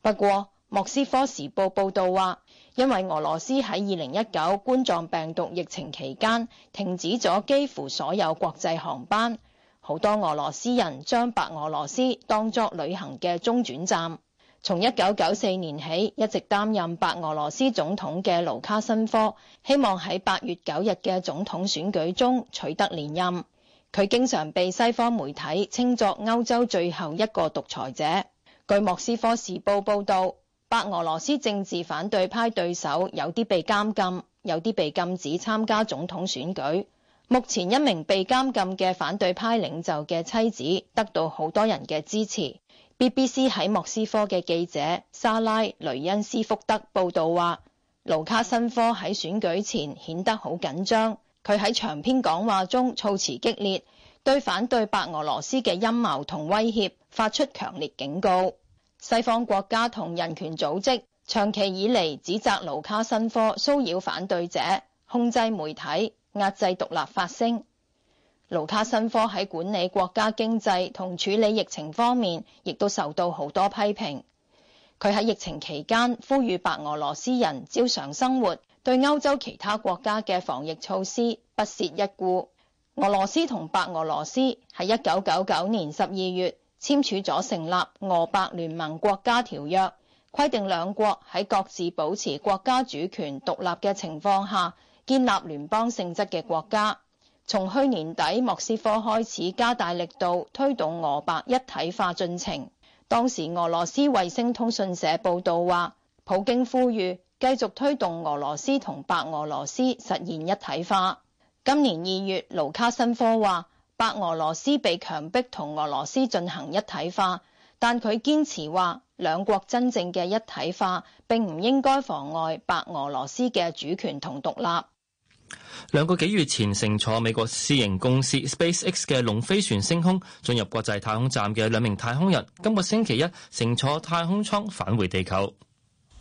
不過莫斯科時報報導話，因為俄羅斯喺二零一九冠狀病毒疫情期間停止咗幾乎所有國際航班，好多俄羅斯人將白俄羅斯當作旅行嘅中轉站。從一九九四年起一直擔任白俄羅斯總統嘅盧卡申科，希望喺八月九日嘅總統選舉中取得連任。佢經常被西方媒體稱作歐洲最後一個獨裁者。據莫斯科時報報道，白俄羅斯政治反對派對手有啲被監禁，有啲被禁止參加總統選舉。目前一名被監禁嘅反對派領袖嘅妻子得到好多人嘅支持。BBC 喺莫斯科嘅記者莎拉雷恩斯福德報道話，盧卡申科喺選舉前顯得好緊張，佢喺長篇講話中措辭激烈，對反對白俄羅斯嘅陰謀同威脅發出強烈警告。西方國家同人權組織長期以嚟指責盧卡申科騷擾反對者、控制媒體、壓制獨立發聲。盧卡申科喺管理國家經濟同處理疫情方面，亦都受到好多批評。佢喺疫情期間呼籲白俄羅斯人照常生活，對歐洲其他國家嘅防疫措施不屑一顧。俄羅斯同白俄羅斯喺一九九九年十二月簽署咗成立俄白聯盟國家條約，規定兩國喺各自保持國家主權獨立嘅情況下，建立聯邦性質嘅國家。從去年底，莫斯科開始加大力度推動俄白一體化進程。當時俄羅斯衛星通訊社報道話，普京呼籲繼續推動俄羅斯同白俄羅斯實現一體化。今年二月，盧卡申科話白俄羅斯被強迫同俄羅斯進行一體化，但佢堅持話兩國真正嘅一體化並唔應該妨礙白俄羅斯嘅主權同獨立。兩個幾月前乘坐美國私營公司 SpaceX 嘅龍飛船升空進入國際太空站嘅兩名太空人，今個星期一乘坐太空艙返回地球。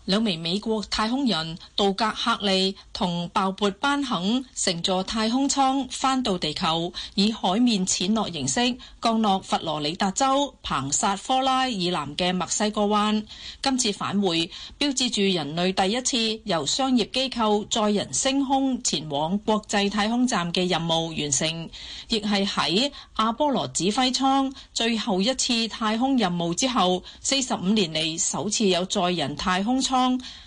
兩名美國太空人杜格·克利同鮑勃·班肯乘坐太空艙返到地球，以海面濺落形式降落佛羅里達州彭薩科拉以南嘅墨西哥灣。今次返回標誌住人類第一次由商業機構載人升空前往國際太空站嘅任務完成，亦係喺阿波羅指揮艙最後一次太空任務之後四十五年嚟首次有載人太空艙。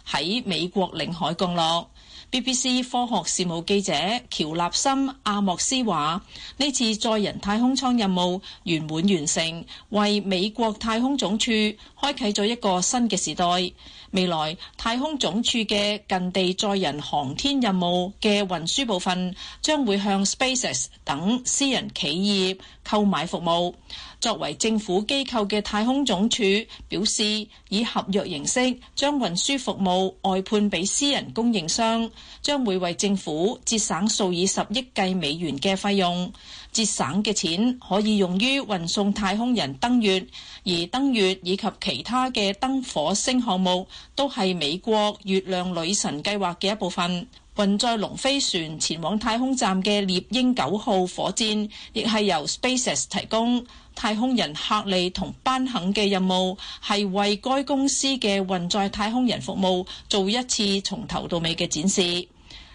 喺美國領海降落，BBC 科學事務記者喬納森阿莫斯話：呢次載人太空艙任務圓滿完成，為美國太空總署開啟咗一個新嘅時代。未來太空總署嘅近地載人航天任務嘅運輸部分，將會向 SpaceX 等私人企業購買服務。作為政府機構嘅太空總署表示，以合約形式將運輸服務外判俾私人供應商。將會為政府節省數以十億計美元嘅費用，節省嘅錢可以用於運送太空人登月，而登月以及其他嘅登火星項目都係美國月亮女神計劃嘅一部分。運載龍飛船前往太空站嘅獵鷹九號火箭，亦係由 SpaceX 提供。太空人客利同班肯嘅任務係為該公司嘅運載太空人服務做一次從頭到尾嘅展示。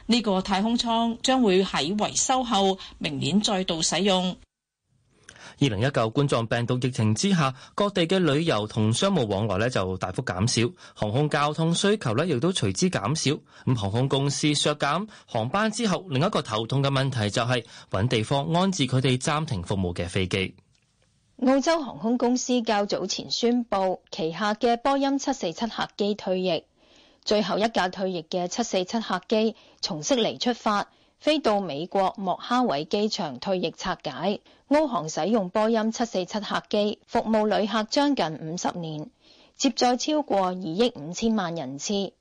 呢個太空艙將會喺維修後明年再度使用。二零一九冠狀病毒疫情之下，各地嘅旅遊同商務往來咧就大幅減少，航空交通需求咧亦都隨之減少。咁航空公司削減航班之後，另一個頭痛嘅問題就係揾地方安置佢哋暫停服務嘅飛機。澳洲航空公司較早前宣布旗下嘅波音七四七客機退役，最後一架退役嘅七四七客機從悉尼出發。飛到美國莫哈韋機場退役拆解，澳航使用波音七四七客機服務旅客將近五十年，接載超過二億五千萬人次，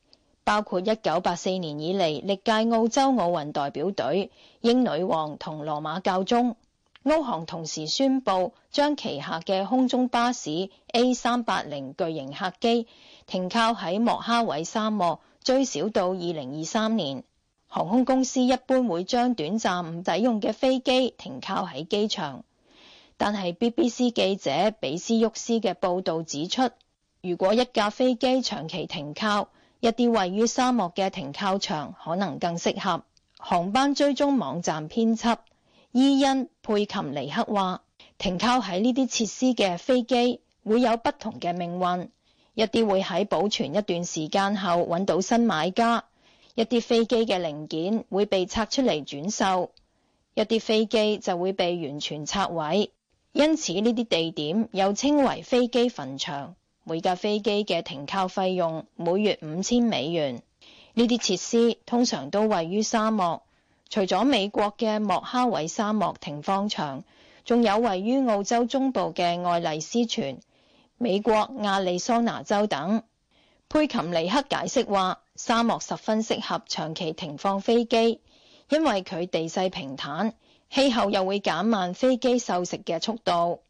包括一九八四年以嚟歷屆澳洲奧運代表隊、英女王同羅馬教宗。澳航同時宣布將旗下嘅空中巴士 A 三八零巨型客機停靠喺莫哈韋沙漠，最少到二零二三年。航空公司一般會將短暫唔使用嘅飛機停靠喺機場，但係 BBC 記者比斯沃斯嘅報導指出，如果一架飛機長期停靠，一啲位於沙漠嘅停靠場可能更適合。航班追蹤網站編輯，伊恩·佩琴尼克話，停靠喺呢啲設施嘅飛機會有不同嘅命運，一啲會喺保存一段時間後揾到新買家。一啲飛機嘅零件會被拆出嚟轉售，一啲飛機就會被完全拆毀。因此呢啲地點又稱為飛機墳場。每架飛機嘅停靠費用每月五千美元。呢啲設施通常都位於沙漠，除咗美國嘅莫哈維沙漠停放場，仲有位於澳洲中部嘅愛麗斯泉、美國亞利桑那州等。佩琴尼克解釋話：沙漠十分適合長期停放飛機，因為佢地勢平坦，氣候又會減慢飛機受蝕嘅速度。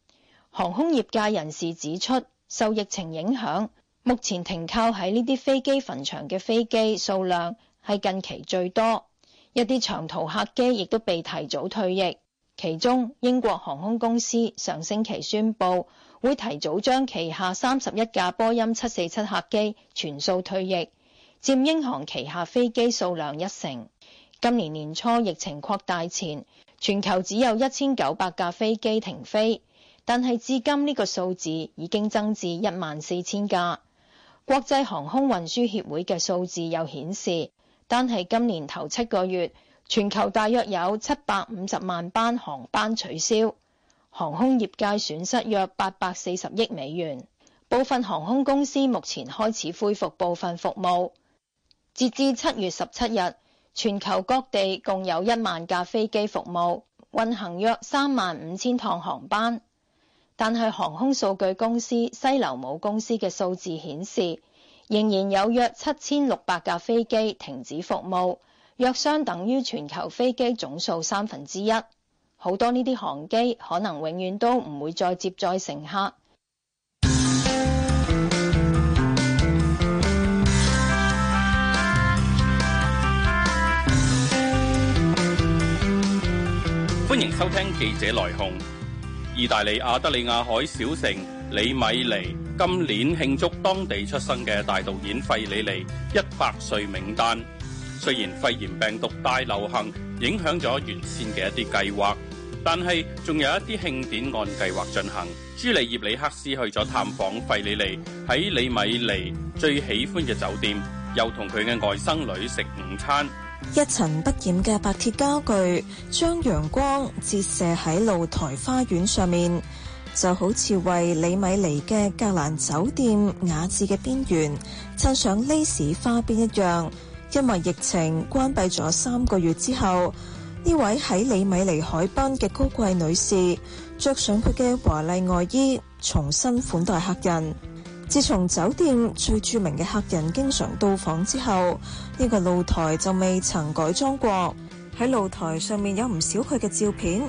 航空業界人士指出，受疫情影響，目前停靠喺呢啲飛機墳場嘅飛機數量係近期最多。一啲長途客機亦都被提早退役，其中英國航空公司上星期宣布，會提早將旗下三十一架波音七四七客機全數退役，佔英航旗下飛機數量一成。今年年初疫情擴大前，全球只有一千九百架飛機停飛，但係至今呢個數字已經增至一萬四千架。國際航空運輸協會嘅數字又顯示，單係今年頭七個月，全球大約有七百五十萬班航班取消。航空業界損失約八百四十億美元，部分航空公司目前開始恢復部分服務。截至七月十七日，全球各地共有一萬架飛機服務，運行約三萬五千趟航班。但係航空數據公司西流姆公司嘅數字顯示，仍然有約七千六百架飛機停止服務，約相等於全球飛機總數三分之一。好多呢啲航機可能永遠都唔會再接載乘客。歡迎收聽記者來鴻。意大利亞德里亞海小城里米尼今年慶祝當地出生嘅大導演費里尼一百歲冥誕，雖然肺炎病毒大流行影響咗原先嘅一啲計劃。但係仲有一啲慶典按計劃進行。朱利葉里克斯去咗探訪費里尼，喺李米尼最喜歡嘅酒店，又同佢嘅外甥女食午餐。一塵不染嘅白鐵家具將陽光折射喺露台花園上面，就好似為李米尼嘅格蘭酒店雅致嘅邊緣襯上呢 a 花邊一樣。因為疫情關閉咗三個月之後，呢位喺里米尼海濱嘅高貴女士，着上佢嘅華麗外衣，重新款待客人。自從酒店最著名嘅客人經常到訪之後，呢、這個露台就未曾改裝過。喺露台上面有唔少佢嘅照片。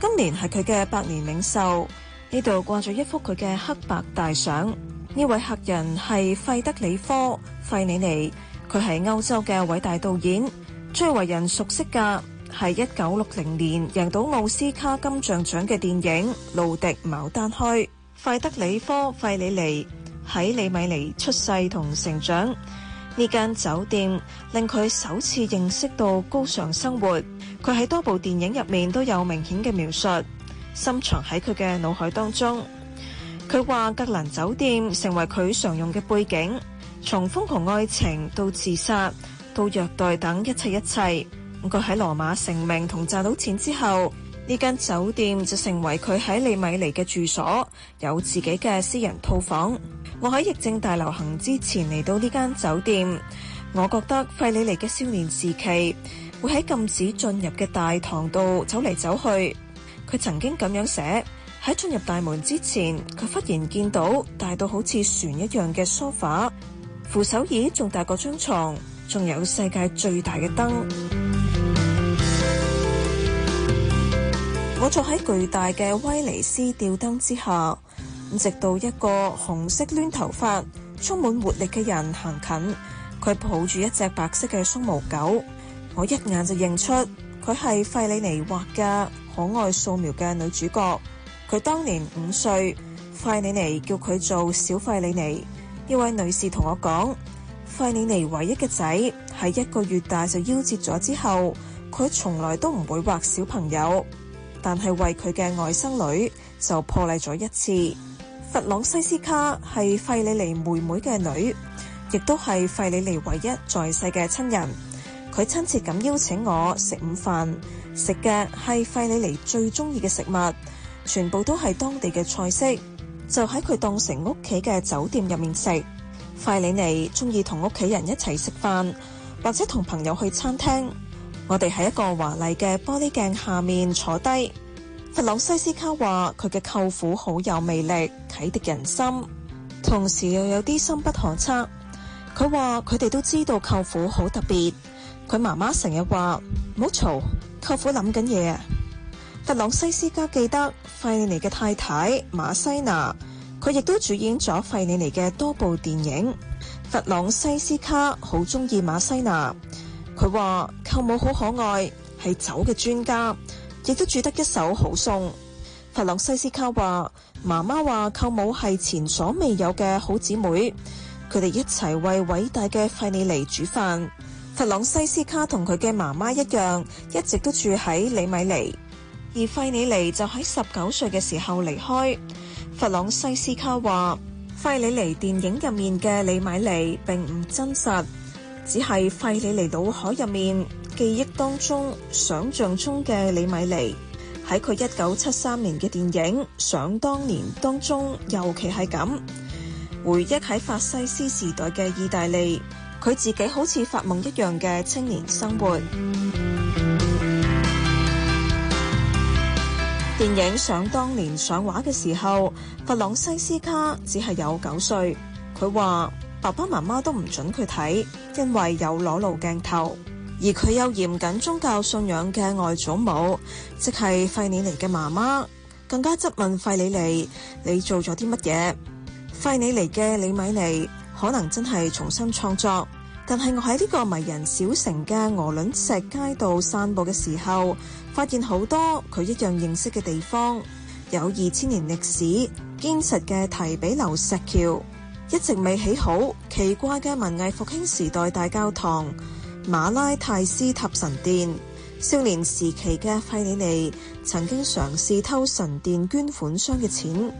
今年係佢嘅百年冥壽，呢度掛咗一幅佢嘅黑白大相。呢位客人係費德里科費里尼，佢係歐洲嘅偉大導演，最為人熟悉噶。係一九六零年贏到奧斯卡金像獎嘅電影《露滴牡丹開》。費德里科費里尼喺里米尼出世同成長，呢間酒店令佢首次認識到高尚生活。佢喺多部電影入面都有明顯嘅描述，深藏喺佢嘅腦海當中。佢話格蘭酒店成為佢常用嘅背景，從瘋狂愛情到自殺到虐待等一切一切。佢喺羅馬成名同賺到錢之後，呢間酒店就成為佢喺利米尼嘅住所，有自己嘅私人套房。我喺疫症大流行之前嚟到呢間酒店，我覺得費里尼嘅少年時期會喺禁止進入嘅大堂度走嚟走去。佢曾經咁樣寫，喺進入大門之前，佢忽然見到大到好似船一樣嘅梳化、扶手椅，仲大過張床，仲有世界最大嘅燈。我坐喺巨大嘅威尼斯吊燈之下，直到一個紅色攣頭髮、充滿活力嘅人行近，佢抱住一隻白色嘅鬆毛狗。我一眼就認出佢係費里尼畫嘅可愛素描嘅女主角。佢當年五歲，費里尼叫佢做小費里尼。呢位女士同我講，費里尼唯一嘅仔喺一個月大就夭折咗之後，佢從來都唔會畫小朋友。但係為佢嘅外甥女就破例咗一次。弗朗西斯卡係費里尼妹妹嘅女，亦都係費里尼唯一在世嘅親人。佢親切咁邀請我食午飯，食嘅係費里尼最中意嘅食物，全部都係當地嘅菜式，就喺佢當成屋企嘅酒店入面食。費里尼中意同屋企人一齊食飯，或者同朋友去餐廳。我哋喺一個華麗嘅玻璃鏡下面坐低。弗朗西斯卡話佢嘅舅父好有魅力，啟迪人心，同時又有啲深不可測。佢話佢哋都知道舅父好特別。佢媽媽成日話唔好嘈，舅父諗緊嘢。弗朗西斯卡記得費里尼嘅太太馬西娜，佢亦都主演咗費里尼嘅多部電影。弗朗西斯卡好中意馬西娜。佢話舅母好可愛，係酒嘅專家，亦都煮得一手好餸。弗朗西斯卡話：媽媽話舅母係前所未有嘅好姊妹，佢哋一齊為偉大嘅費里尼煮飯。弗朗西斯卡同佢嘅媽媽一樣，一直都住喺里米尼，而費里尼就喺十九歲嘅時候離開。弗朗西斯卡話：費里尼電影入面嘅里米尼並唔真實。只係費里尼腦海入面記憶當中、想象中嘅李米尼喺佢一九七三年嘅電影《想當年》當中，尤其係咁回憶喺法西斯時代嘅意大利，佢自己好似發夢一樣嘅青年生活。電影《想當年》上畫嘅時候，弗朗西斯卡只係有九歲，佢話。爸爸媽媽都唔准佢睇，因為有裸露鏡頭。而佢有嚴謹宗教信仰嘅外祖母，即係費里尼嘅媽媽，更加質問費里尼：你做咗啲乜嘢？費里尼嘅李米尼可能真係重新創作。但係我喺呢個迷人小城嘅鵝卵石街道散步嘅時候，發現好多佢一樣認識嘅地方，有二千年歷史堅實嘅提比留石橋。一直未起好，奇怪嘅文藝復興時代大教堂馬拉泰斯塔神殿，少年時期嘅費里尼曾經嘗試偷神殿捐款箱嘅錢。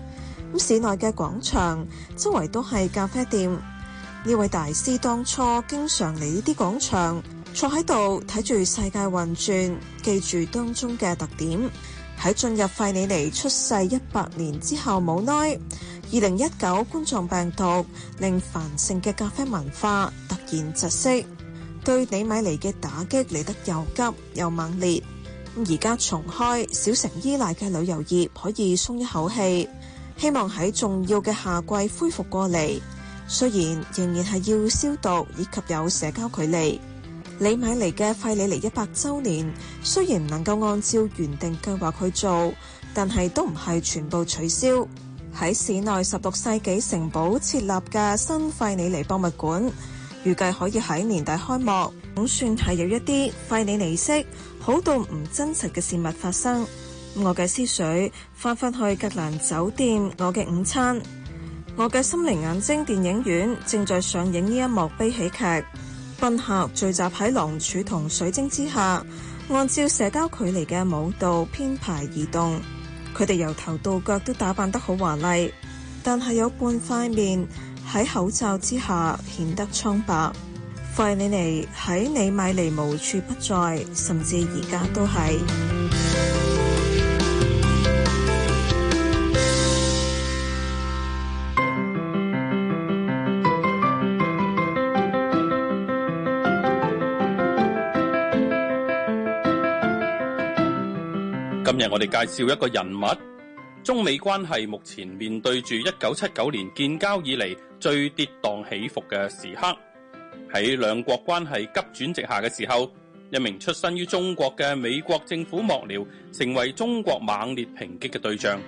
咁市內嘅廣場周圍都係咖啡店，呢位大師當初經常嚟呢啲廣場坐喺度睇住世界運轉，記住當中嘅特點。喺進入費里尼出世一百年之後，冇耐。二零一九冠狀病毒令繁盛嘅咖啡文化突然窒息，對里米尼嘅打擊嚟得又急又猛烈。而家重開小城依賴嘅旅遊業可以鬆一口氣，希望喺重要嘅夏季恢復過嚟。雖然仍然係要消毒以及有社交距離，里米尼嘅費里尼一百週年雖然唔能夠按照原定計劃去做，但係都唔係全部取消。喺市內十六世紀城堡設立嘅新費里尼博物館，預計可以喺年底開幕。總算係有一啲費里尼式好到唔真實嘅事物發生。我嘅思緒翻返去格蘭酒店，我嘅午餐，我嘅心靈眼睛電影院正在上映呢一幕悲喜劇。賓客聚集喺狼柱同水晶之下，按照社交距離嘅舞蹈編排移動。佢哋由頭到腳都打扮得好華麗，但係有半塊面喺口罩之下顯得蒼白。費里尼喺里米尼無處不在，甚至而家都係。今日我哋介紹一個人物，中美關係目前面對住一九七九年建交以嚟最跌宕起伏嘅時刻。喺兩國關係急轉直下嘅時候，一名出身於中國嘅美國政府幕僚，成為中國猛烈抨擊嘅對象。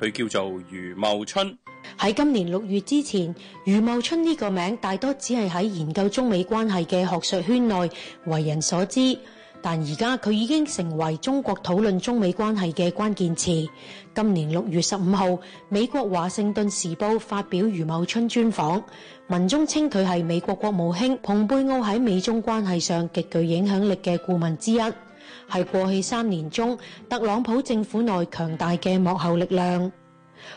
佢叫做余茂春。喺今年六月之前，余茂春呢個名大多只係喺研究中美關係嘅學術圈內為人所知。但而家佢已經成為中國討論中美關係嘅關鍵詞。今年六月十五號，美國華盛頓時報發表余茂春專訪，文中稱佢係美國國務卿蓬佩奧喺美中關係上極具影響力嘅顧問之一，係過去三年中特朗普政府內強大嘅幕後力量。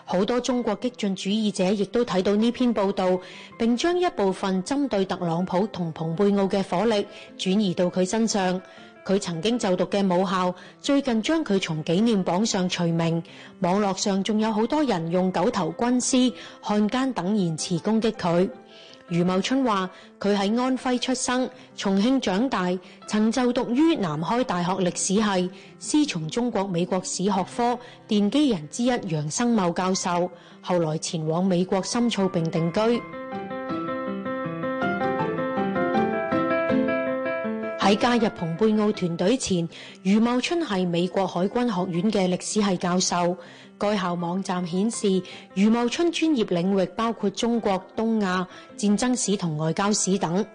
好多中國激進主義者亦都睇到呢篇報道，並將一部分針對特朗普同蓬佩奧嘅火力轉移到佢身上。佢曾經就讀嘅母校最近將佢從紀念榜上除名，網絡上仲有好多人用九頭軍師、漢奸等言辭攻擊佢。余茂春話：佢喺安徽出生，重慶長大，曾就讀於南開大學歷史系，師從中國美國史學科奠基人之一楊生茂教授，後來前往美國深造並定居。喺加入蓬佩奧團隊前，余茂春係美國海軍學院嘅歷史系教授。該校網站顯示，余茂春專業領域包括中國、東亞、戰爭史同外交史等。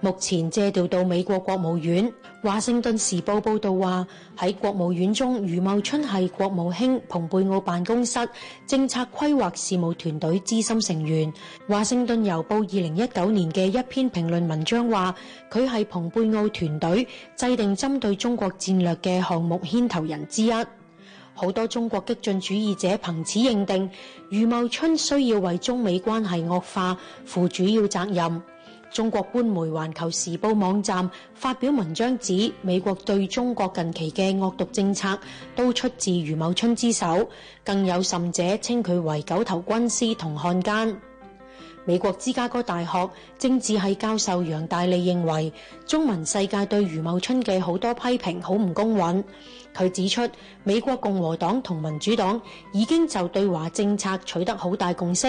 目前借調到美國國務院。華盛頓時報報道話，喺國務院中，余茂春係國務卿蓬佩奧辦公室政策規劃事務團隊資深成員。華盛頓郵報二零一九年嘅一篇評論文章話，佢係蓬佩奧團隊制定針對中國戰略嘅項目牽頭人之一。好多中國激進主義者憑此認定，余茂春需要為中美關係惡化負主要責任。中國官媒《環球時報》網站發表文章指，美國對中國近期嘅惡毒政策都出自余某春之手，更有甚者稱佢為九頭軍師同漢奸。美國芝加哥大學政治系教授楊大利認為，中文世界對余茂春嘅好多批評好唔公允。佢指出，美國共和黨同民主黨已經就對華政策取得好大共識。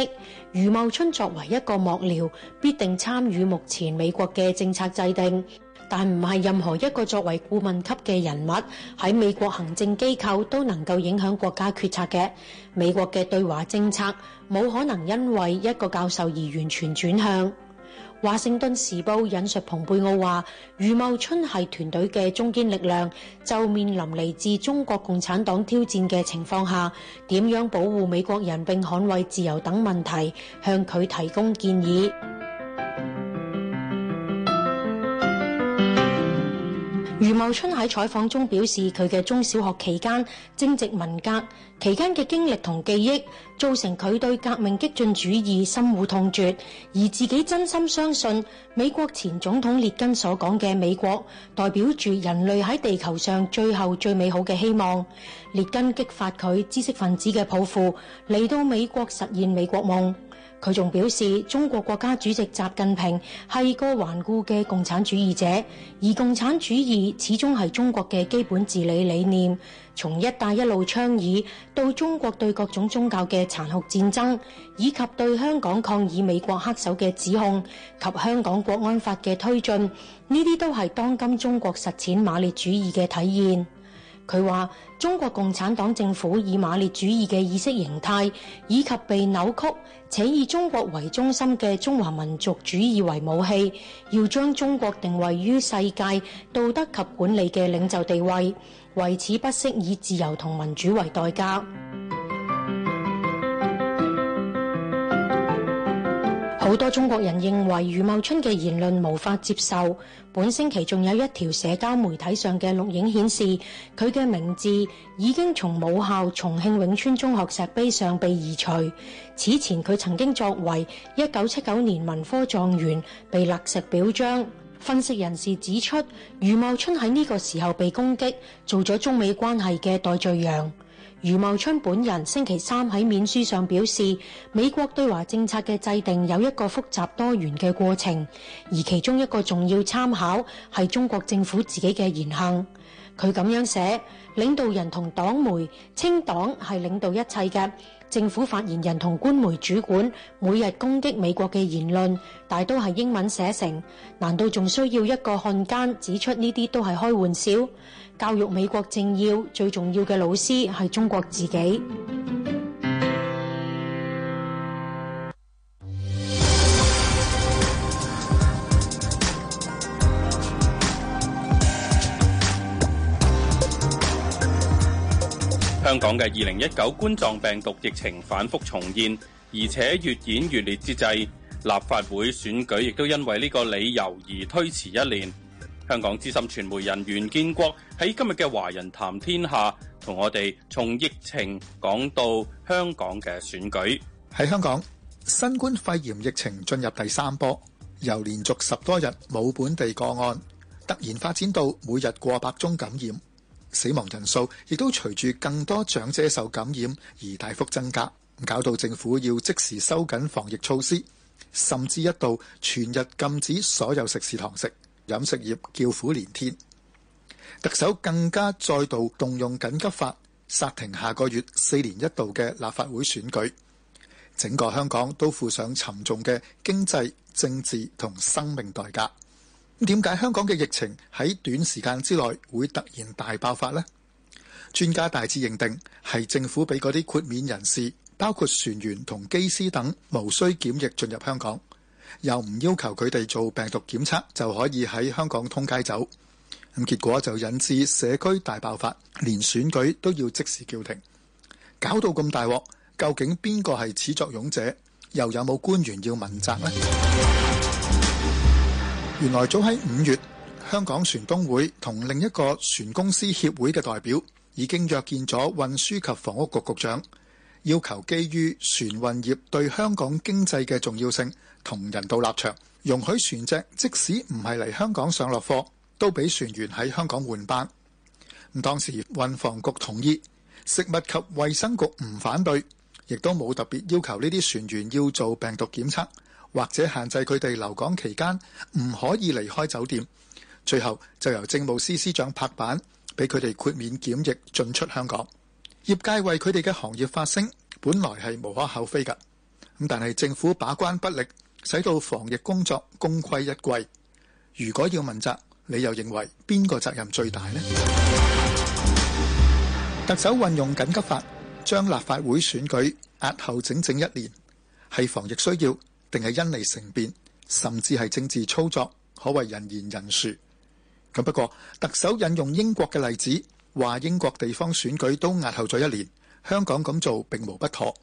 余茂春作為一個幕僚，必定參與目前美國嘅政策制定。但唔係任何一個作為顧問級嘅人物喺美國行政機構都能夠影響國家決策嘅。美國嘅對華政策冇可能因為一個教授而完全轉向。《華盛頓時報》引述蓬佩奧話，余茂春係團隊嘅中堅力量，就面臨嚟自中國共產黨挑戰嘅情況下，點樣保護美國人並捍衛自由等問題向佢提供建議。余茂春喺採訪中表示，佢嘅中小學期間正值文革期間嘅經歷同記憶，造成佢對革命激進主義深惡痛絕，而自己真心相信美國前總統列根所講嘅美國代表住人類喺地球上最後最美好嘅希望。列根激發佢知識分子嘅抱負，嚟到美國實現美國夢。佢仲表示，中國國家主席習近平係個頑固嘅共產主義者，而共產主義始終係中國嘅基本治理理念。從「一帶一路」倡議到中國對各種宗教嘅殘酷戰爭，以及對香港抗議美國黑手嘅指控及香港國安法嘅推進，呢啲都係當今中國實踐馬列主義嘅體現。佢話：中國共產黨政府以馬列主義嘅意識形態，以及被扭曲且以中國為中心嘅中華民族主義為武器，要將中國定位於世界道德及管理嘅領袖地位，為此不惜以自由同民主為代價。好多中國人認為余茂春嘅言論無法接受。本星期仲有一條社交媒體上嘅錄影顯示，佢嘅名字已經從母校重慶永川中學石碑上被移除。此前佢曾經作為一九七九年文科狀元被勒石表彰。分析人士指出，余茂春喺呢個時候被攻擊，做咗中美關係嘅代罪羊。余茂春本人星期三喺面書上表示，美國對華政策嘅制定有一個複雜多元嘅過程，而其中一個重要參考係中國政府自己嘅言行。佢咁樣寫：領導人同黨媒稱黨係領導一切嘅，政府發言人同官媒主管每日攻擊美國嘅言論，大都係英文寫成。難道仲需要一個漢奸指出呢啲都係開玩笑？教育美國政要最重要嘅老師係中國自己。香港嘅二零一九冠狀病毒疫情反覆重現，而且越演越烈之際，立法會選舉亦都因為呢個理由而推遲一年。香港資深傳媒人袁建國喺今日嘅《華人談天下》同我哋從疫情講到香港嘅選舉。喺香港，新冠肺炎疫情進入第三波，由連續十多日冇本地個案，突然發展到每日過百宗感染，死亡人數亦都隨住更多長者受感染而大幅增加，搞到政府要即時收緊防疫措施，甚至一度全日禁止所有食肆堂食。飲食業叫苦連天，特首更加再度動用緊急法，殺停下個月四年一度嘅立法會選舉，整個香港都負上沉重嘅經濟、政治同生命代價。咁點解香港嘅疫情喺短時間之內會突然大爆發呢？專家大致認定係政府俾嗰啲豁免人士，包括船員同機師等，無需檢疫進入香港。又唔要求佢哋做病毒檢測，就可以喺香港通街走，咁結果就引致社區大爆發，連選舉都要即時叫停，搞到咁大鑊，究竟邊個係始作俑者？又有冇官員要問責呢？ (noise) 原來早喺五月，香港船東會同另一個船公司協會嘅代表已經約見咗運輸及房屋局局長，要求基於船運業對香港經濟嘅重要性。同人道立場容許船隻，即使唔係嚟香港上落貨，都俾船員喺香港換班。咁當時運房局同意，食物及衛生局唔反對，亦都冇特別要求呢啲船員要做病毒檢測，或者限制佢哋留港期間唔可以離開酒店。最後就由政務司司長拍板，俾佢哋豁免檢疫進出香港。業界為佢哋嘅行業發聲，本來係無可厚非㗎。咁但係政府把關不力。使到防疫工作功虧一簣。如果要問責，你又認為邊個責任最大呢？ (music) 特首運用緊急法將立法會選舉押後整整一年，係防疫需要，定係因利成變，甚至係政治操作，可謂人言人殊。咁不過，特首引用英國嘅例子，話英國地方選舉都押後咗一年，香港咁做並無不妥。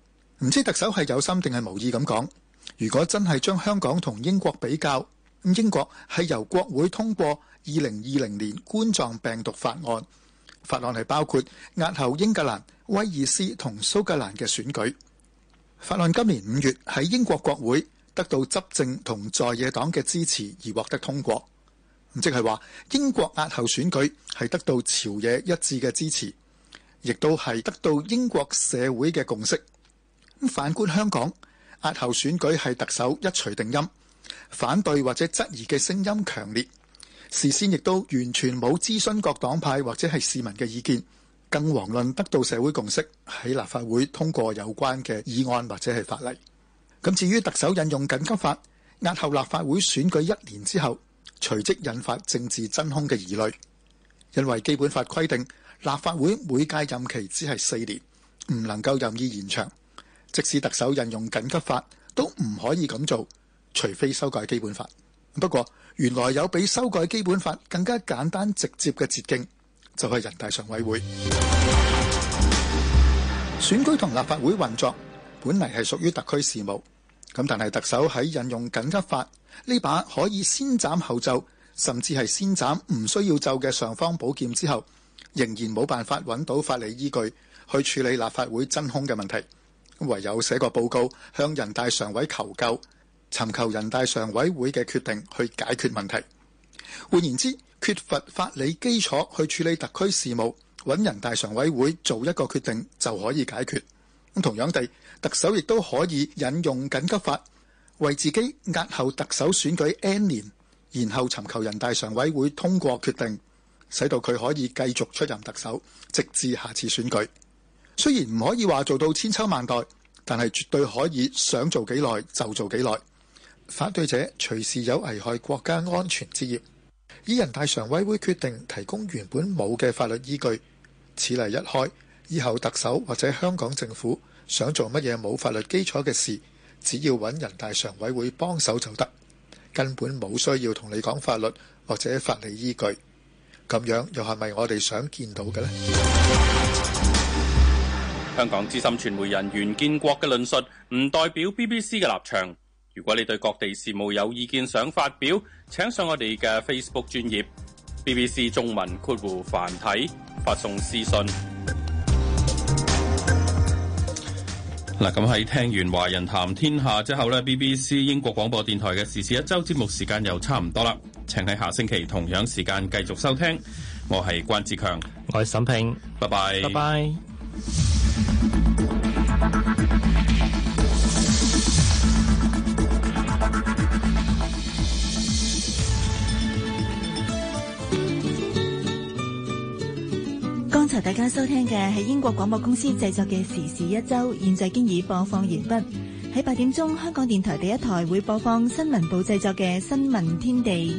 唔知特首係有心定係無意咁講？如果真係將香港同英國比較，英國係由國會通過二零二零年冠狀病毒法案，法案係包括押後英格蘭、威爾斯同蘇格蘭嘅選舉。法案今年五月喺英國國會得到執政同在野黨嘅支持而獲得通過，即係話英國押後選舉係得到朝野一致嘅支持，亦都係得到英國社會嘅共識。反觀香港，押後選舉係特首一錘定音，反對或者質疑嘅聲音強烈，事先亦都完全冇諮詢各黨派或者係市民嘅意見，更遑論得到社會共識，喺立法會通過有關嘅議案或者係法例。咁至於特首引用緊急法，押後立法會選舉一年之後，隨即引發政治真空嘅疑慮，因為基本法規定，立法會每屆任期只係四年，唔能夠任意延長。即使特首引用緊急法都唔可以咁做，除非修改基本法。不過原來有比修改基本法更加簡單直接嘅捷徑，就係、是、人大常委會 (music) 選舉同立法會運作本嚟，係屬於特區事務。咁但係特首喺引用緊急法呢，把可以先斬後奏，甚至係先斬唔需要奏嘅上方寶劍之後，仍然冇辦法揾到法理依據去處理立法會真空嘅問題。唯有寫個報告向人大常委求救，尋求人大常委會嘅決定去解決問題。換言之，缺乏法理基礎去處理特區事務，揾人大常委會做一個決定就可以解決。咁同樣地，特首亦都可以引用緊急法為自己押後特首選舉 N 年，然後尋求人大常委會通過決定，使到佢可以繼續出任特首，直至下次選舉。雖然唔可以話做到千秋萬代，但係絕對可以想做幾耐就做幾耐。反對者隨時有危害國家安全之嫌，以人大常委會決定提供原本冇嘅法律依據。此例一開，以後特首或者香港政府想做乜嘢冇法律基礎嘅事，只要揾人大常委會幫手就得，根本冇需要同你講法律或者法理依據。咁樣又係咪我哋想見到嘅呢？香港資深傳媒人袁建國嘅論述唔代表 BBC 嘅立場。如果你對各地事務有意見想發表，請上我哋嘅 Facebook 專頁 BBC 中文括弧繁體發送私信。嗱、啊，咁喺聽完《華人談天下》之後呢 BBC 英國廣播電台嘅時事一周節目時間又差唔多啦，請喺下星期同樣時間繼續收聽。我係關志強，我係沈平，拜拜 bye，拜拜。剛才大家收聽嘅係英國廣播公司製作嘅《時事一周》，現在經已播放完畢。喺八點鐘，香港電台第一台會播放新聞部製作嘅《新聞天地》。